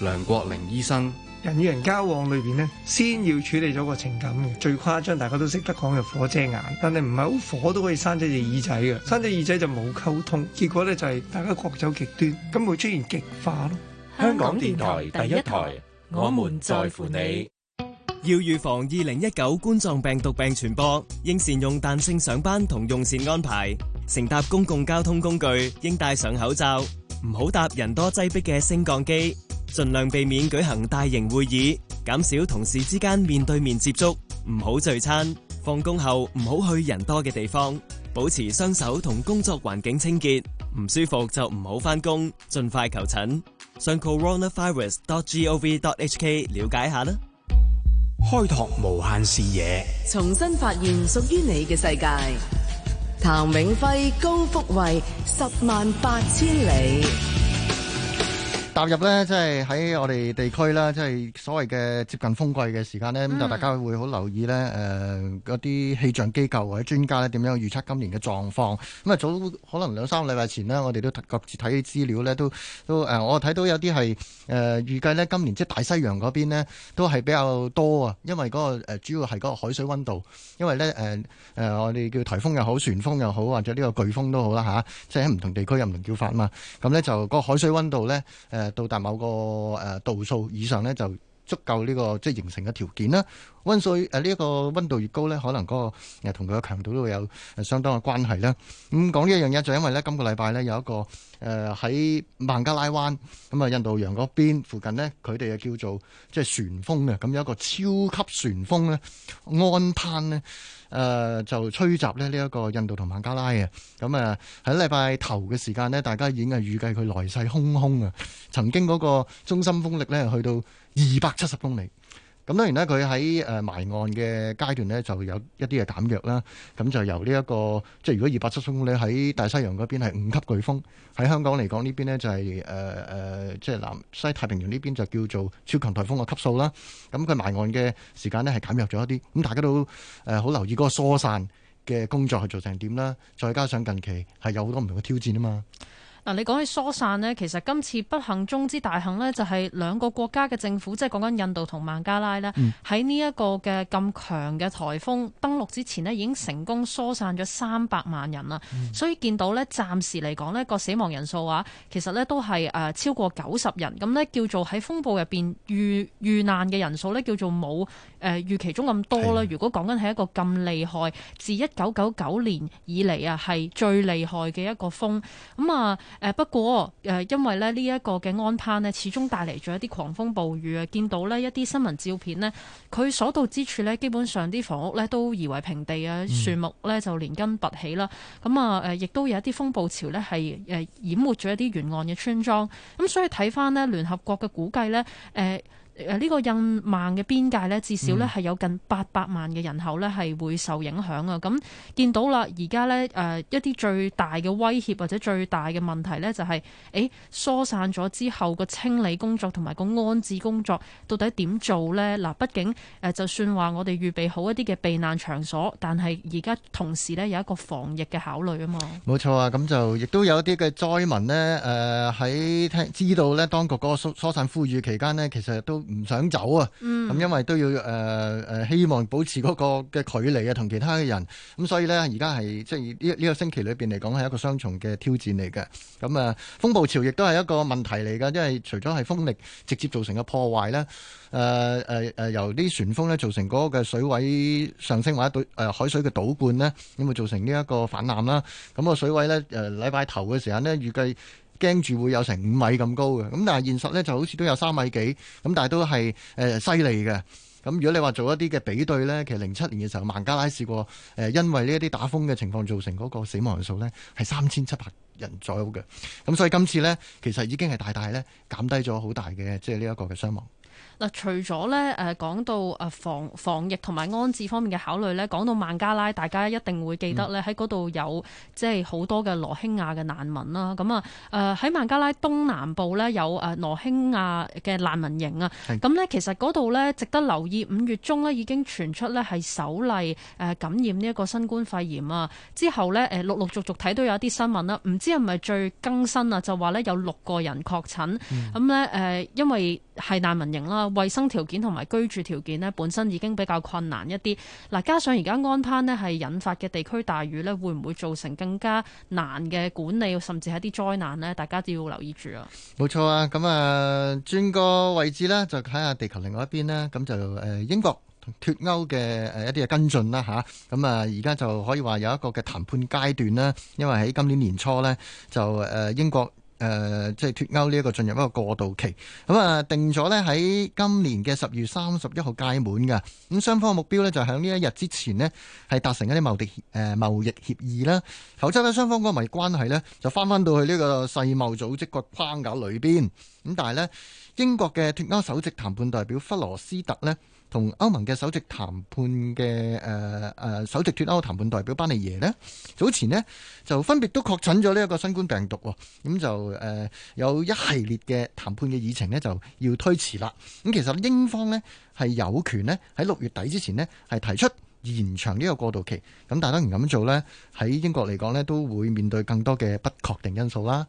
梁國玲醫生，人與人交往裏邊呢，先要處理咗個情感嘅。最誇張，大家都識得講嘅火遮眼，但係唔係好火都可以生隻耳仔嘅，生隻耳仔就冇溝通。結果咧就係大家各走極端，咁會出現極化咯。香港電台第一台。我們在乎你。要預防二零一九冠狀病毒病傳播，應善用彈性上班同用膳安排。乘搭公共交通工具應戴上口罩，唔好搭人多擠迫嘅升降機。盡量避免舉行大型會議，減少同事之間面對面接觸。唔好聚餐，放工後唔好去人多嘅地方。保持雙手同工作環境清潔，唔舒服就唔好翻工，盡快求診。上 coronavirus.gov.hk 了解一下啦。開拓無限視野，重新發現屬於你嘅世界。譚永輝、高福維，十萬八千里。踏入呢，即係喺我哋地區啦，即係所謂嘅接近風季嘅時間呢。咁、嗯、就大家會好留意呢嗰啲氣象機構或者專家呢點樣預測今年嘅狀況。咁、嗯、啊，早可能兩三個禮拜前呢，我哋都各自睇資料呢，都都、呃、我睇到有啲係誒預計呢。今年即係大西洋嗰邊呢，都係比較多啊，因為嗰個呃主要係嗰個海水溫度，因為呢，誒、呃呃、我哋叫颱風又好，旋風又好，或者呢個颶風都好啦吓，即係喺唔同地區又唔同叫法嘛。咁呢，就個海水溫度呢。誒、呃。到達某個誒度數以上咧，就，足夠呢個即係形成嘅條件啦。溫水誒呢一個溫度越高咧，可能嗰個誒同佢嘅強度都會有誒相當嘅關係啦。咁講呢一樣嘢就因為咧，今個禮拜咧有一個誒喺孟加拉灣咁啊印度洋嗰邊附近咧，佢哋誒叫做即係旋風嘅咁有一個超級旋風咧，安攀咧誒就吹襲咧呢一個印度同孟加拉嘅咁啊喺禮拜頭嘅時間咧，大家已經係預計佢來勢洶洶啊。曾經嗰個中心風力咧去到。二百七十公里，咁當然咧，佢喺誒埋岸嘅階段呢，就有一啲嘅減弱啦。咁就由呢一個，即係如果二百七十公里喺大西洋嗰邊係五級颶風，喺香港嚟講呢邊呢，就係誒誒，即係南西太平洋呢邊就叫做超強颱風嘅級數啦。咁佢埋岸嘅時間呢，係減弱咗一啲，咁大家都誒好留意嗰個疏散嘅工作去做成點啦。再加上近期係有好多唔同嘅挑戰啊嘛。嗱，你講起疏散呢，其實今次不幸中之大幸呢，就係兩個國家嘅政府，即係講緊印度同孟加拉呢，喺呢一個嘅咁強嘅颱風登陸之前呢，已經成功疏散咗三百萬人啦、嗯。所以見到呢，暫時嚟講呢個死亡人數啊，其實呢都係誒超過九十人。咁呢，叫做喺風暴入面遇遇難嘅人數呢，叫做冇誒、呃、預期中咁多啦。如果講緊係一個咁厲害，自一九九九年以嚟啊，係最厲害嘅一個風咁啊。誒不過誒，因為咧呢一個嘅安攀咧，始終帶嚟咗一啲狂風暴雨啊！見到呢一啲新聞照片咧，佢所到之處咧，基本上啲房屋咧都夷為平地啊，樹木咧就連根拔起啦。咁啊誒，亦都有一啲風暴潮咧係誒淹沒咗一啲沿岸嘅村莊。咁所以睇翻咧聯合國嘅估計咧誒。呃誒、這、呢個印孟嘅邊界呢，至少呢係有近八百萬嘅人口呢係會受影響啊！咁、嗯、見到啦，而家呢誒一啲最大嘅威脅或者最大嘅問題呢、就是，就係誒疏散咗之後個清理工作同埋個安置工作到底點做呢？嗱，畢竟誒就算話我哋預備好一啲嘅避難場所，但係而家同時呢有一個防疫嘅考慮啊嘛。冇錯啊，咁就亦都有一啲嘅災民呢，誒、呃、喺聽知道呢當局嗰個疏疏散呼籲期間呢，其實都。唔想走啊！咁因為都要誒誒、呃、希望保持嗰個嘅距離啊，同其他嘅人。咁所以咧，而家係即係呢呢個星期裏邊嚟講，係一個雙重嘅挑戰嚟嘅。咁、嗯、啊，風暴潮亦都係一個問題嚟嘅，因為除咗係風力直接造成嘅破壞咧，誒誒誒由啲旋風咧造成嗰個水位上升或者對誒、呃、海水嘅倒灌咧，咁會造成呢一個泛濫啦。咁、嗯、個水位咧，誒禮拜頭嘅時間咧，預計。驚住會有成五米咁高嘅，咁但係現實呢就好似都有三米幾，咁但係都係誒犀利嘅。咁、呃、如果你話做一啲嘅比對呢，其實零七年嘅時候孟加拉試過因為呢一啲打風嘅情況造成嗰個死亡人數呢係三千七百人左右嘅。咁所以今次呢，其實已經係大大呢減低咗好大嘅，即係呢一個嘅傷亡。嗱，除咗咧，誒講到誒防防疫同埋安置方面嘅考慮咧，講到孟加拉，大家一定會記得咧，喺嗰度有即係好多嘅羅興亞嘅難民啦。咁啊，誒喺孟加拉東南部咧有誒羅興亞嘅難民營啊。咁咧，其實嗰度咧值得留意，五月中咧已經傳出咧係首例誒感染呢一個新冠肺炎啊。之後咧誒陸陸陸續續睇到有一啲新聞啦，唔知係咪最更新啊？就話咧有六個人確診，咁咧誒因為。係難民營啦，衛生條件同埋居住條件咧，本身已經比較困難一啲。嗱，加上而家安攀咧係引發嘅地區大雨咧，會唔會造成更加難嘅管理，甚至係一啲災難呢？大家都要留意住啊！冇錯啊，咁啊轉個位置啦，就睇下地球另外一邊啦。咁就誒英國脱歐嘅誒一啲嘅跟進啦吓，咁啊，而家就可以話有一個嘅談判階段啦，因為喺今年年初呢，就誒英國。誒、呃，即係脱歐呢一個進入一個過渡期，咁、嗯、啊、呃、定咗呢喺今年嘅十月三十一號屆滿㗎。咁、嗯、雙方嘅目標呢，就喺呢一日之前呢，係達成一啲貿易誒、呃、貿易協議啦，否則呢，雙方個貿易關係呢就翻翻到去呢個世貿組織個框架裏邊。咁但係呢，英國嘅脱歐首席談判代表弗羅斯特呢。同歐盟嘅首席談判嘅，誒誒首席脱歐談判代表班尼耶呢，早前呢就分別都確診咗呢一個新冠病毒喎、哦，咁就誒、呃、有一系列嘅談判嘅議程呢就要推遲啦。咁其實英方呢係有權呢喺六月底之前呢係提出延長呢個過渡期，咁但係當然咁做呢，喺英國嚟講呢都會面對更多嘅不確定因素啦。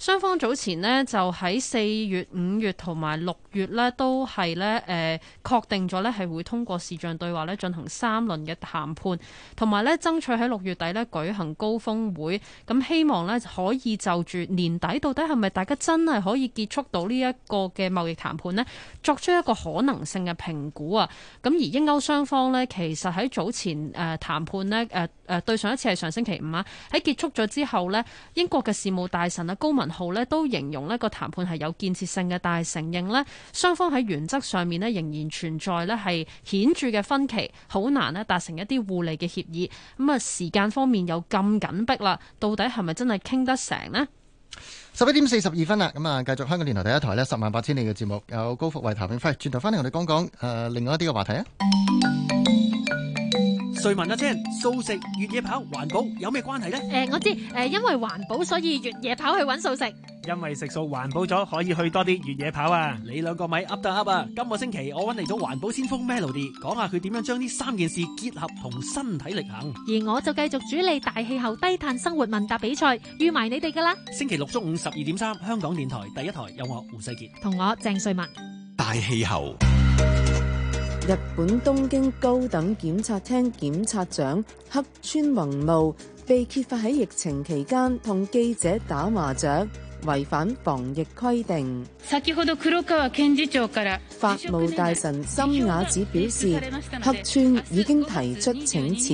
雙方早前呢，就喺四月、五月同埋六月呢，都係呢誒確定咗呢係會通過視像對話呢進行三輪嘅談判，同埋呢爭取喺六月底呢舉行高峰會。咁希望呢，可以就住年底到底係咪大家真係可以結束到呢一個嘅貿易談判呢，作出一個可能性嘅評估啊。咁而英歐雙方呢，其實喺早前誒談判呢。誒，對上一次係上星期五啊，喺結束咗之後咧，英國嘅事務大臣啊高文浩，咧都形容呢個談判係有建設性嘅，但係承認呢，雙方喺原則上面咧仍然存在咧係顯著嘅分歧，好難咧達成一啲互利嘅協議。咁啊，時間方面又咁緊迫啦，到底係咪真係傾得成呢？十一點四十二分啦，咁啊，繼續香港電台第一台呢《十萬八千里》嘅節目，有高福為譚永輝轉頭翻嚟同你講講誒，另外一啲嘅話題啊。瑞文一聲，素食越野跑環保有咩關係呢？誒，我知誒，因為環保所以越野跑去揾素食。因為食素環保咗，可以去多啲越野跑啊！你兩個咪 up 得 up 啊！今個星期我揾嚟咗環保先鋒 Melody，講下佢點樣將呢三件事結合同身體力行。而我就繼續主理大氣候低碳生活問答比賽，預埋你哋噶啦。星期六中午十二點三，香港電台第一台有我胡世杰同我鄭瑞文大氣候。日本東京高等檢察廳檢察長黑務黑川宏茂被揭發喺疫情期間同記者打麻雀、違反防疫規定。先ほど黒川検事長から法務大臣森雅子表示，黑川已經提出請辭。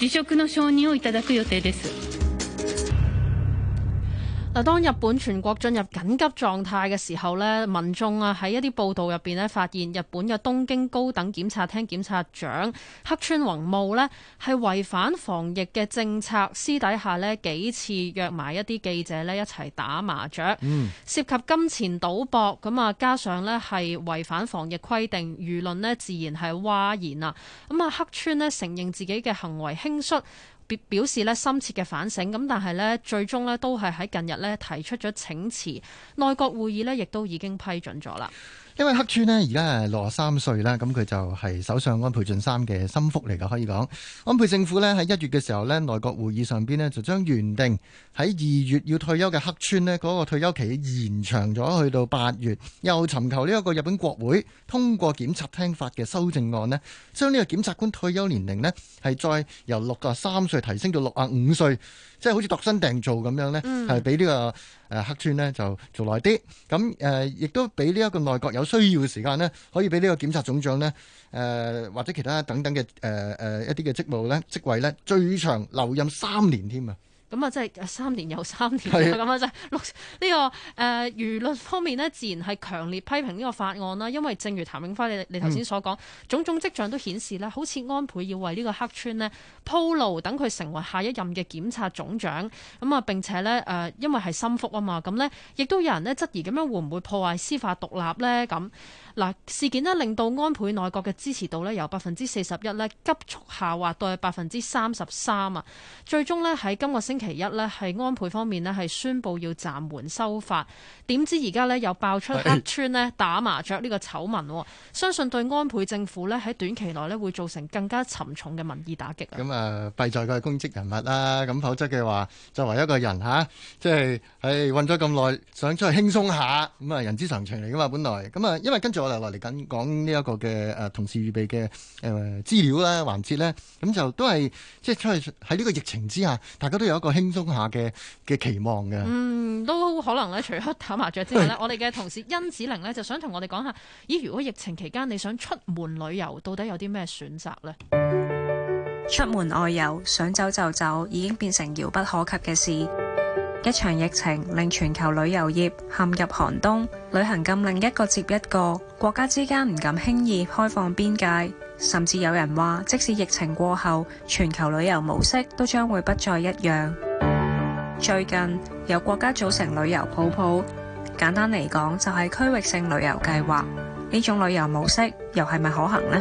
辭職の承認をいただく予定です。嗱，當日本全國進入緊急狀態嘅時候呢，民眾啊喺一啲報道入邊呢發現，日本嘅東京高等檢察廳檢察長黑川宏武呢係違反防疫嘅政策，私底下呢，幾次約埋一啲記者呢一齊打麻將，嗯，涉及金錢賭博，咁啊加上呢係違反防疫規定，輿論呢自然係譁然啊。咁啊，黑川呢承認自己嘅行為輕率。表示呢深切嘅反省，咁但係呢最終呢都係喺近日呢提出咗請辭，內閣會議呢亦都已經批准咗啦。因為黑川呢，而家係六十三歲啦，咁佢就係首相安倍晉三嘅心腹嚟噶，可以講安倍政府呢喺一月嘅時候呢，內閣會議上邊呢，就將原定喺二月要退休嘅黑川呢嗰個退休期延長咗去到八月，又尋求呢一個日本國會通過檢察廳法嘅修正案呢，將呢個檢察官退休年齡呢，係再由六十三歲提升到六啊五歲。即係好似度身訂做咁樣咧，係、嗯、俾、這個呃、呢個黑川呢就做耐啲，咁、呃、亦都俾呢一個內閣有需要嘅時間呢，可以俾呢個檢察總長呢、呃，或者其他等等嘅、呃呃、一啲嘅職務咧職位咧，最長留任三年添啊！咁啊，真係三年又三年咁啊，真係六呢個誒、呃、輿論方面呢，自然係強烈批評呢個法案啦。因為正如譚永花你你頭先所講、嗯，種種跡象都顯示咧，好似安倍要為呢個黑川呢鋪路，等佢成為下一任嘅檢察總長。咁啊，並且呢，誒、呃，因為係心腹啊嘛，咁呢，亦都有人呢質疑，咁樣會唔會破壞司法獨立呢？咁。嗱，事件咧令到安倍內閣嘅支持度咧由百分之四十一咧急速下滑到去百分之三十三啊！最終咧喺今個星期一咧，係安倍方面咧係宣布要暫緩修法。點知而家咧又爆出黑川打麻雀呢個醜聞，相信對安倍政府咧喺短期內咧會造成更加沉重嘅民意打擊啊、哎！咁啊，弊在佢係公職人物啦、啊，咁否則嘅話作為一個人嚇，即係係混咗咁耐，想出去輕鬆一下，咁啊人之常情嚟噶嘛，本來咁啊，因為跟住。我嚟嚟緊講呢一個嘅誒，同事預備嘅誒資料啦，環節咧，咁就都係即係出去喺呢個疫情之下，大家都有一個輕鬆下嘅嘅期望嘅。嗯，都可能咧，除咗打麻雀之外咧， 我哋嘅同事甄子玲咧，就想同我哋講下，咦，如果疫情期間你想出門旅遊，到底有啲咩選擇咧？出門外遊，想走就走，已經變成遙不可及嘅事。一場疫情令全球旅遊業陷入寒冬，旅行禁令一個接一個，國家之間唔敢輕易開放邊界，甚至有人話，即使疫情過後，全球旅遊模式都將會不再一樣。最近有國家組成旅遊泡泡，簡單嚟講就係區域性旅遊計劃，呢種旅遊模式又係咪可行呢？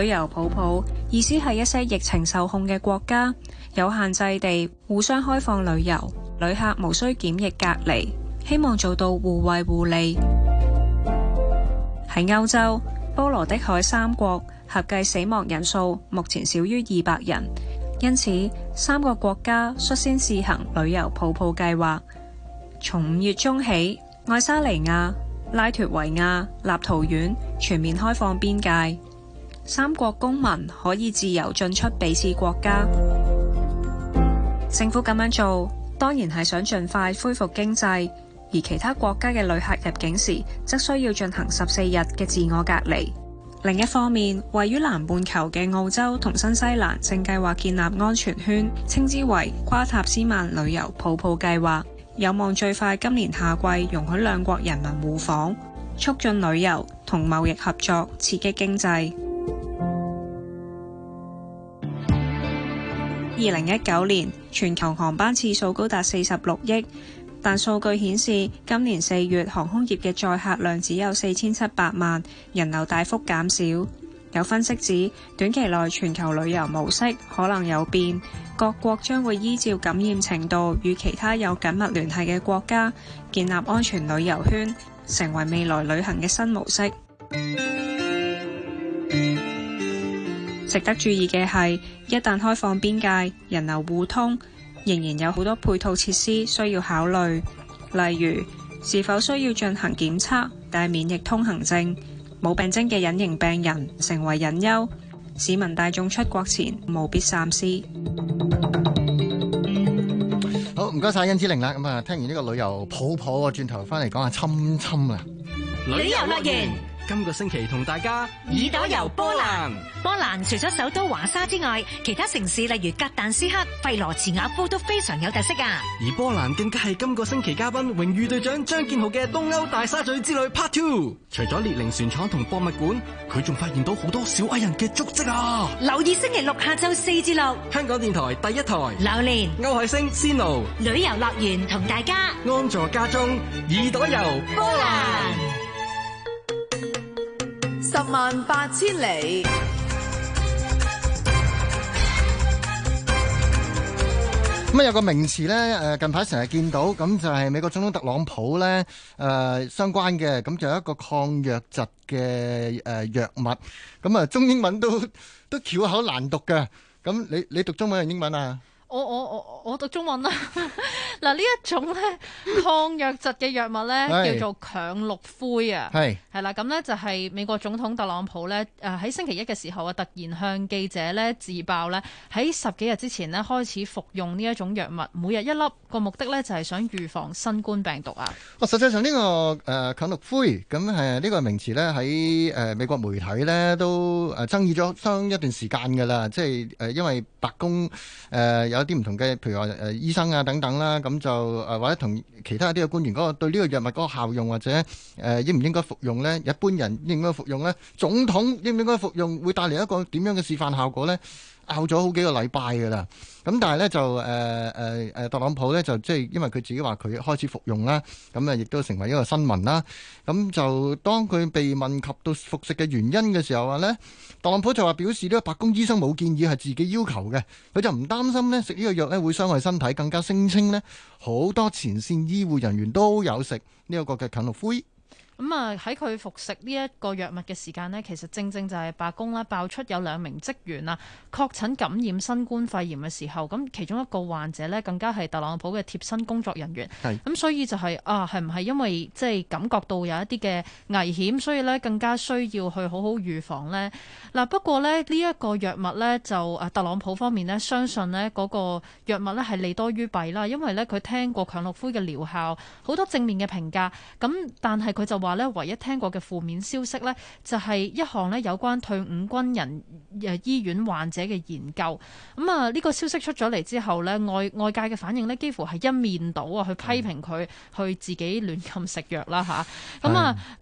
旅遊泡泡意思係一些疫情受控嘅國家有限制地互相開放旅遊，旅客無需檢疫隔離，希望做到互惠互利。喺歐洲，波羅的海三國合計死亡人數目前少於二百人，因此三個國家率先試行旅遊泡泡計劃。從五月中起，愛沙尼亞、拉脫維亞、立陶宛全面開放邊界。三國公民可以自由進出彼此國家。政府咁樣做，當然係想盡快恢復經濟，而其他國家嘅旅客入境時，則需要進行十四日嘅自我隔離。另一方面，位於南半球嘅澳洲同新西蘭正計劃建立安全圈，稱之為跨塔斯曼旅遊泡泡計劃，有望最快今年夏季容許兩國人民互訪，促進旅遊同貿易合作，刺激經濟。二零一九年全球航班次數高達四十六億，但數據顯示，今年四月航空業嘅載客量只有四千七百萬，人流大幅減少。有分析指，短期內全球旅遊模式可能有變，各國將會依照感染程度與其他有緊密聯繫嘅國家建立安全旅遊圈，成為未來旅行嘅新模式。值得注意嘅係，一旦開放邊界，人流互通，仍然有好多配套設施需要考慮，例如是否需要進行檢測、帶免疫通行證，冇病徵嘅隱形病人成為隱憂，市民大眾出國前務必三思。好，唔該晒甄之玲啦。咁啊，聽完呢個旅遊抱抱，我轉頭翻嚟講下侵侵啦，旅遊樂園。今個星期同大家耳朵遊波蘭，波蘭除咗首都華沙之外，其他城市例如格但斯克、費羅茨瓦夫都非常有特色噶。而波蘭更加係今個星期嘉賓榮譽隊長張建豪嘅東歐大沙嘴之旅 Part Two。除咗列寧船廠同博物館，佢仲發現到好多小矮人嘅足跡啊！留意星期六下晝四至六，香港電台第一台，榴槤歐海星仙奴，旅遊樂園同大家安坐家中，耳朵遊波蘭。十萬八千里。咁啊，有個名詞咧，誒，近排成日見到，咁就係美國總統特朗普咧，誒，相關嘅，咁就有一個抗瘧疾嘅誒藥物，咁啊，中英文都都巧口難讀嘅。咁你你讀中文定英文啊？我我我我讀中文啦。嗱，呢一種咧抗瘧疾嘅藥物咧， 叫做羥氯喹啊。係係啦，咁咧就係美國總統特朗普咧，誒喺星期一嘅時候啊，突然向記者咧自爆咧，喺十幾日之前呢開始服用呢一種藥物，每日一粒，個目的咧就係想預防新冠病毒啊。哦，實際上呢、呢個誒、呃、羥氯喹咁誒呢個名詞咧，喺誒美國媒體咧都誒爭議咗相一段時間噶啦，即係誒因為白宮誒、呃、有，啲唔同嘅，譬如話誒醫生啊等等啦，咁就誒或者同其他啲嘅官員嗰個對呢個藥物嗰個效用或者誒、呃、應唔應該服用咧？一般人應唔應該服用咧？總統應唔應該服用？會帶嚟一個點樣嘅示範效果咧？拗咗好幾個禮拜噶啦，咁但係呢，就誒誒誒，特朗普呢，就即係因為佢自己話佢開始服用啦，咁啊亦都成為一個新聞啦。咁就當佢被問及到服食嘅原因嘅時候，話呢特朗普就話表示呢個白宮醫生冇建議係自己要求嘅，佢就唔擔心呢食呢個藥呢會傷害身體，更加聲稱呢，好多前線醫護人員都有食呢一個嘅羥氯喹。咁、嗯、啊，喺佢服食呢一個藥物嘅時間咧，其實正正就係白宮啦，爆出有兩名職員啊確診感染新冠肺炎嘅時候，咁其中一個患者咧更加係特朗普嘅貼身工作人員，係咁，所以就係、是、啊，係唔係因為即係、就是、感覺到有一啲嘅危險，所以咧更加需要去好好預防咧？嗱，不過咧呢一個藥物咧就啊，特朗普方面咧相信咧嗰個藥物咧係利多於弊啦，因為咧佢聽過羥氯喹嘅療效好多正面嘅評價，咁但係佢就話咧唯一聽過嘅負面消息呢，就係一項咧有關退伍軍人誒醫院患者嘅研究。咁啊呢個消息出咗嚟之後呢，外外界嘅反應呢，幾乎係一面倒啊，去批評佢去自己亂咁食藥啦吓。咁、嗯嗯、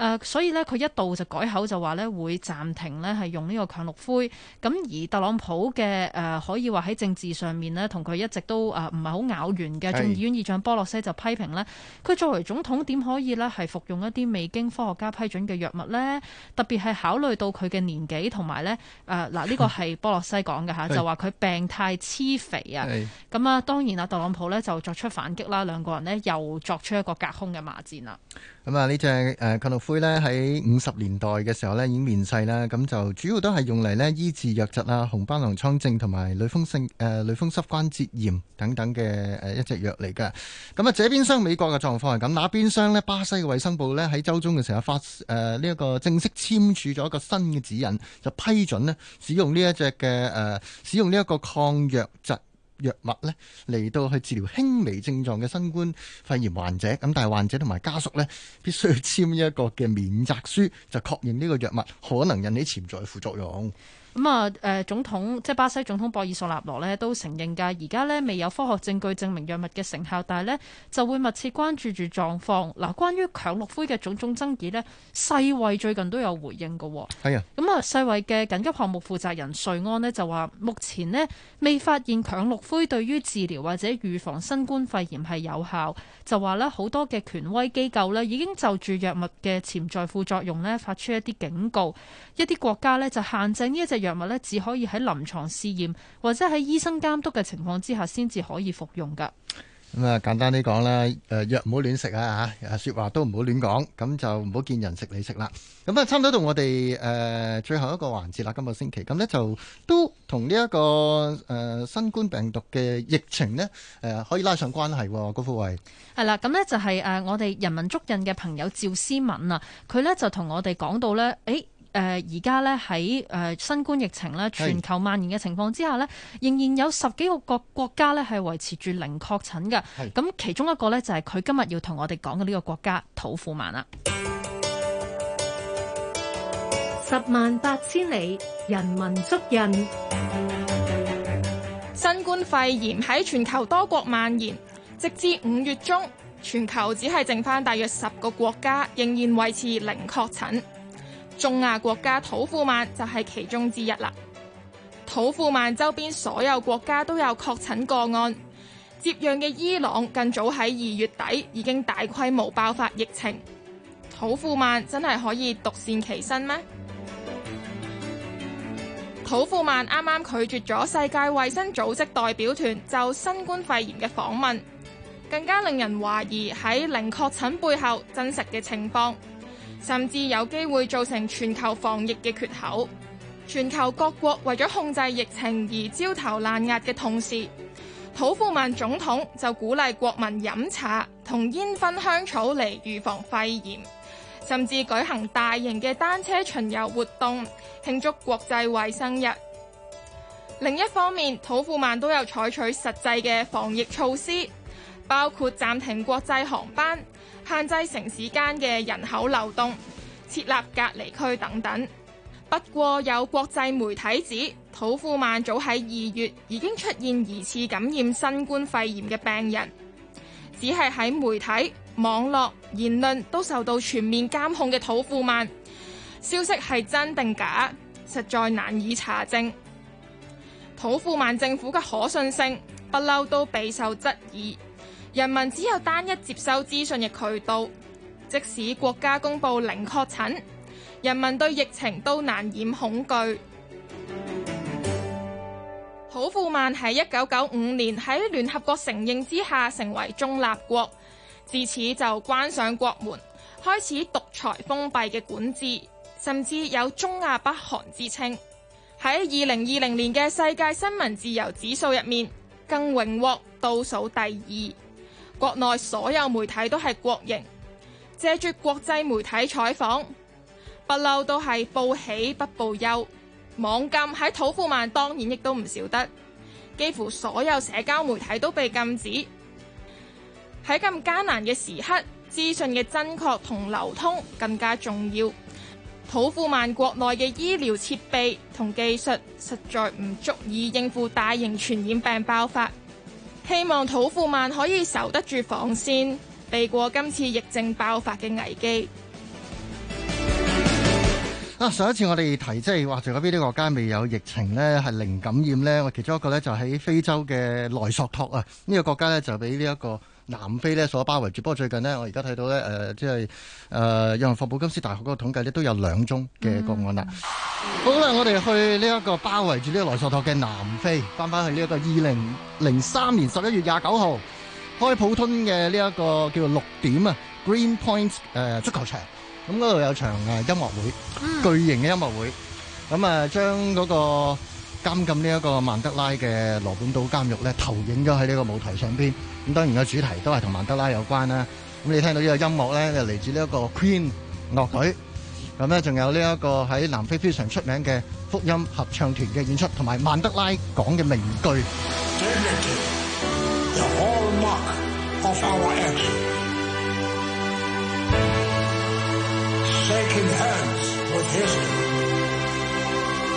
啊誒，所以呢，佢一度就改口就話呢會暫停呢係用呢個羥氯喹。咁而特朗普嘅誒可以話喺政治上面呢，同佢一直都誒唔係好咬弦嘅眾議院議長波洛西就批評呢，佢作為總統點可以呢，係服用一啲未經科學家批准嘅藥物咧，特別係考慮到佢嘅年紀同埋咧，誒嗱呢個係波洛西講嘅吓， 就話佢病態黐肥啊，咁 啊當然啊特朗普咧就作出反擊啦，兩個人呢又作出一個隔空嘅罵戰啦。咁啊，呢隻誒羥氯喹呢喺五十年代嘅時候呢已經面世啦，咁就主要都係用嚟呢醫治瘧疾啊、紅斑狼瘡症同埋類風性誒類風濕關節炎等等嘅誒一隻藥嚟嘅。咁啊，這邊廂美國嘅狀況係咁，那邊廂呢巴西嘅衛生部呢喺周中嘅時候發誒呢一個正式簽署咗一個新嘅指引，就批准呢使用呢一隻嘅誒使用呢一個抗瘧疾。藥物呢嚟到去治療輕微症狀嘅新冠肺炎患者，咁但係患者同埋家屬呢，必須要簽一個嘅免責書，就確認呢個藥物可能引起潛在嘅副作用。咁啊，誒總統即係巴西總統博爾索納羅咧，都承認噶，而家咧未有科學證據證明藥物嘅成效，但係咧就會密切關注住狀況。嗱，關於羥氯喹嘅種種爭議咧，世衛最近都有回應嘅。係啊。咁啊，世衛嘅緊急項目負責人瑞安咧就話，目前咧未發現羥氯喹對於治療或者預防新冠肺炎係有效。就話咧好多嘅權威機構咧已經就住藥物嘅潛在副作用咧發出一啲警告，一啲國家咧就限制呢一隻。藥物咧只可以喺臨床試驗或者喺醫生監督嘅情況之下，先至可以服用噶。咁啊，簡單啲講啦，誒，藥唔好亂食啊吓，說話都唔好亂講，咁就唔好見人食你食啦。咁啊，差唔多到我哋誒、呃、最後一個環節啦。今個星期咁呢，就都同呢一個誒、呃、新冠病毒嘅疫情呢誒、呃，可以拉上關係。高福衛係啦，咁呢，就係誒，我哋人民足印嘅朋友趙思敏啊，佢呢，就同我哋講到呢。誒。誒而家咧喺誒新冠疫情咧全球蔓延嘅情況之下咧，仍然有十幾個國國家咧係維持住零確診嘅。咁其中一個呢，就係、是、佢今日要同我哋講嘅呢個國家土庫曼啦。十萬八千里，人民足印。新冠肺炎喺全球多國蔓延，直至五月中，全球只係剩返大約十個國家仍然維持零確診。中亞國家土庫曼就係其中之一啦。土庫曼周邊所有國家都有確診個案，接壤嘅伊朗更早喺二月底已經大規模爆發疫情。土庫曼真係可以獨善其身咩？土庫曼啱啱拒絕咗世界衛生組織代表團就新冠肺炎嘅訪問，更加令人懷疑喺零確診背後真實嘅情況。甚至有機會造成全球防疫嘅缺口。全球各國為咗控制疫情而焦頭爛額嘅同時，土庫曼總統就鼓勵國民飲茶同煙燻香草嚟預防肺炎，甚至舉行大型嘅單車巡遊活動，慶祝國際衛生日。另一方面，土庫曼都有採取實際嘅防疫措施，包括暫停國際航班。限制城市間嘅人口流動、設立隔離區等等。不過，有國際媒體指，土庫曼早喺二月已經出現疑似感染新冠肺炎嘅病人，只係喺媒體、網絡、言論都受到全面監控嘅土庫曼，消息係真定假，實在難以查證。土庫曼政府嘅可信性不嬲都備受質疑。人民只有單一接收資訊嘅渠道，即使國家公布零確診，人民對疫情都難掩恐懼。土 庫曼喺一九九五年喺聯合國承認之下成為中立國，自此就關上國門，開始獨裁封閉嘅管治，甚至有中亞北韓之稱。喺二零二零年嘅世界新聞自由指數入面，更榮獲倒數第二。國內所有媒體都係國營，借住國際媒體採訪，不嬲都係報喜不報憂。網禁喺土庫曼當然亦都唔少得，幾乎所有社交媒體都被禁止。喺咁艱難嘅時刻，資訊嘅真確同流通更加重要。土庫曼國內嘅醫療設備同技術實在唔足以應付大型傳染病爆發。希望土庫曼可以守得住防線，避過今次疫症爆發嘅危機啊，上一次我哋提即係話仲有邊啲國家未有疫情呢，係零感染呢，我其中一個呢，就喺、是、非洲嘅萊索托啊，呢、這個國家呢，就俾呢一個。南非咧所包圍住，不過最近咧，我而家睇到咧，誒、就是，即係誒，有人霍普金斯大學嗰個統計咧，都有兩宗嘅個案啦，嗯。好啦，我哋去呢一個包圍住呢個萊索托嘅南非，翻返去呢一個二零零三年十一月廿九號開普敦嘅呢一個叫做綠點啊，Green Point，呃、足球場，咁嗰度有場誒音樂會，巨型嘅音樂會，咁、嗯嗯、啊將嗰，那個。監禁呢一個曼德拉嘅羅本島監獄咧，投影咗喺呢個舞台上邊。咁當然個主題都係同曼德拉有關啦。咁你聽到呢個音樂咧，就嚟自呢一個 Queen 樂隊。咁咧，仲有呢一個喺南非非常出名嘅福音合唱團嘅演出，同埋曼德拉講嘅名句。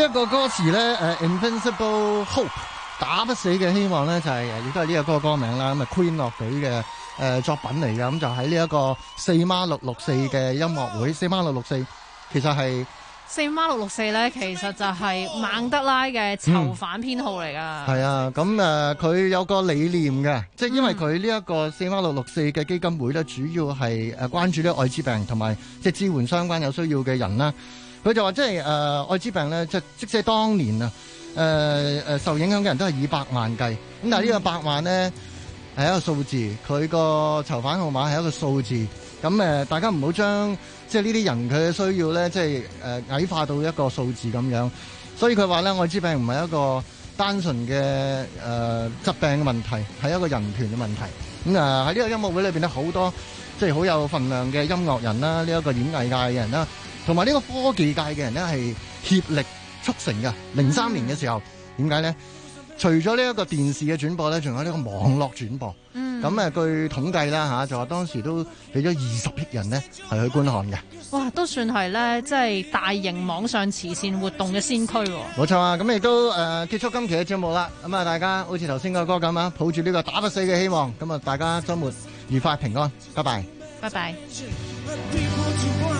呢一個歌詞咧，誒，Invincible Hope 打不死嘅希望咧，就係亦都係呢個歌歌名啦。咁啊，Queen 樂隊嘅誒作品嚟，咁，就喺呢一個四孖六六四嘅音樂會。四孖六六四其實係四孖六六四咧，其實就係孟德拉嘅囚犯編號嚟噶。係啊，嗯，咁誒，佢有個理念嘅，即係因為佢呢一個四孖六六四嘅基金會咧，主要係誒關注呢個艾滋病同埋即係支援相關有需要嘅人啦。佢就話：即係誒愛滋病咧，即係即使當年啊，誒、呃、誒受影響嘅人都係以百萬計。咁但係呢個百萬咧係一個數字，佢個囚犯號碼係一個數字。咁誒、呃，大家唔好將即係呢啲人佢嘅需要咧，即係誒、呃、矮化到一個數字咁樣。所以佢話咧，愛滋病唔係一個單純嘅誒疾病嘅問題，係一個人權嘅問題。咁、嗯、啊，喺、呃、呢個音樂會裏邊咧，好多即係好有份量嘅音樂人啦，呢、這、一個演藝界嘅人啦。同埋呢個科技界嘅人呢係協力促成嘅。零三年嘅時候，點解呢？除咗呢一個電視嘅轉播呢，仲有呢個網絡轉播。咁、嗯、啊，據統計啦吓，就話當時都俾咗二十億人呢係去觀看嘅。哇，都算係呢，即係大型網上慈善活動嘅先驅。冇錯啊！咁亦都誒結束今期嘅節目啦。咁啊，大家好似頭先嗰個歌咁啊，抱住呢個打不死嘅希望。咁啊，大家周末愉快，平安，拜拜。拜拜。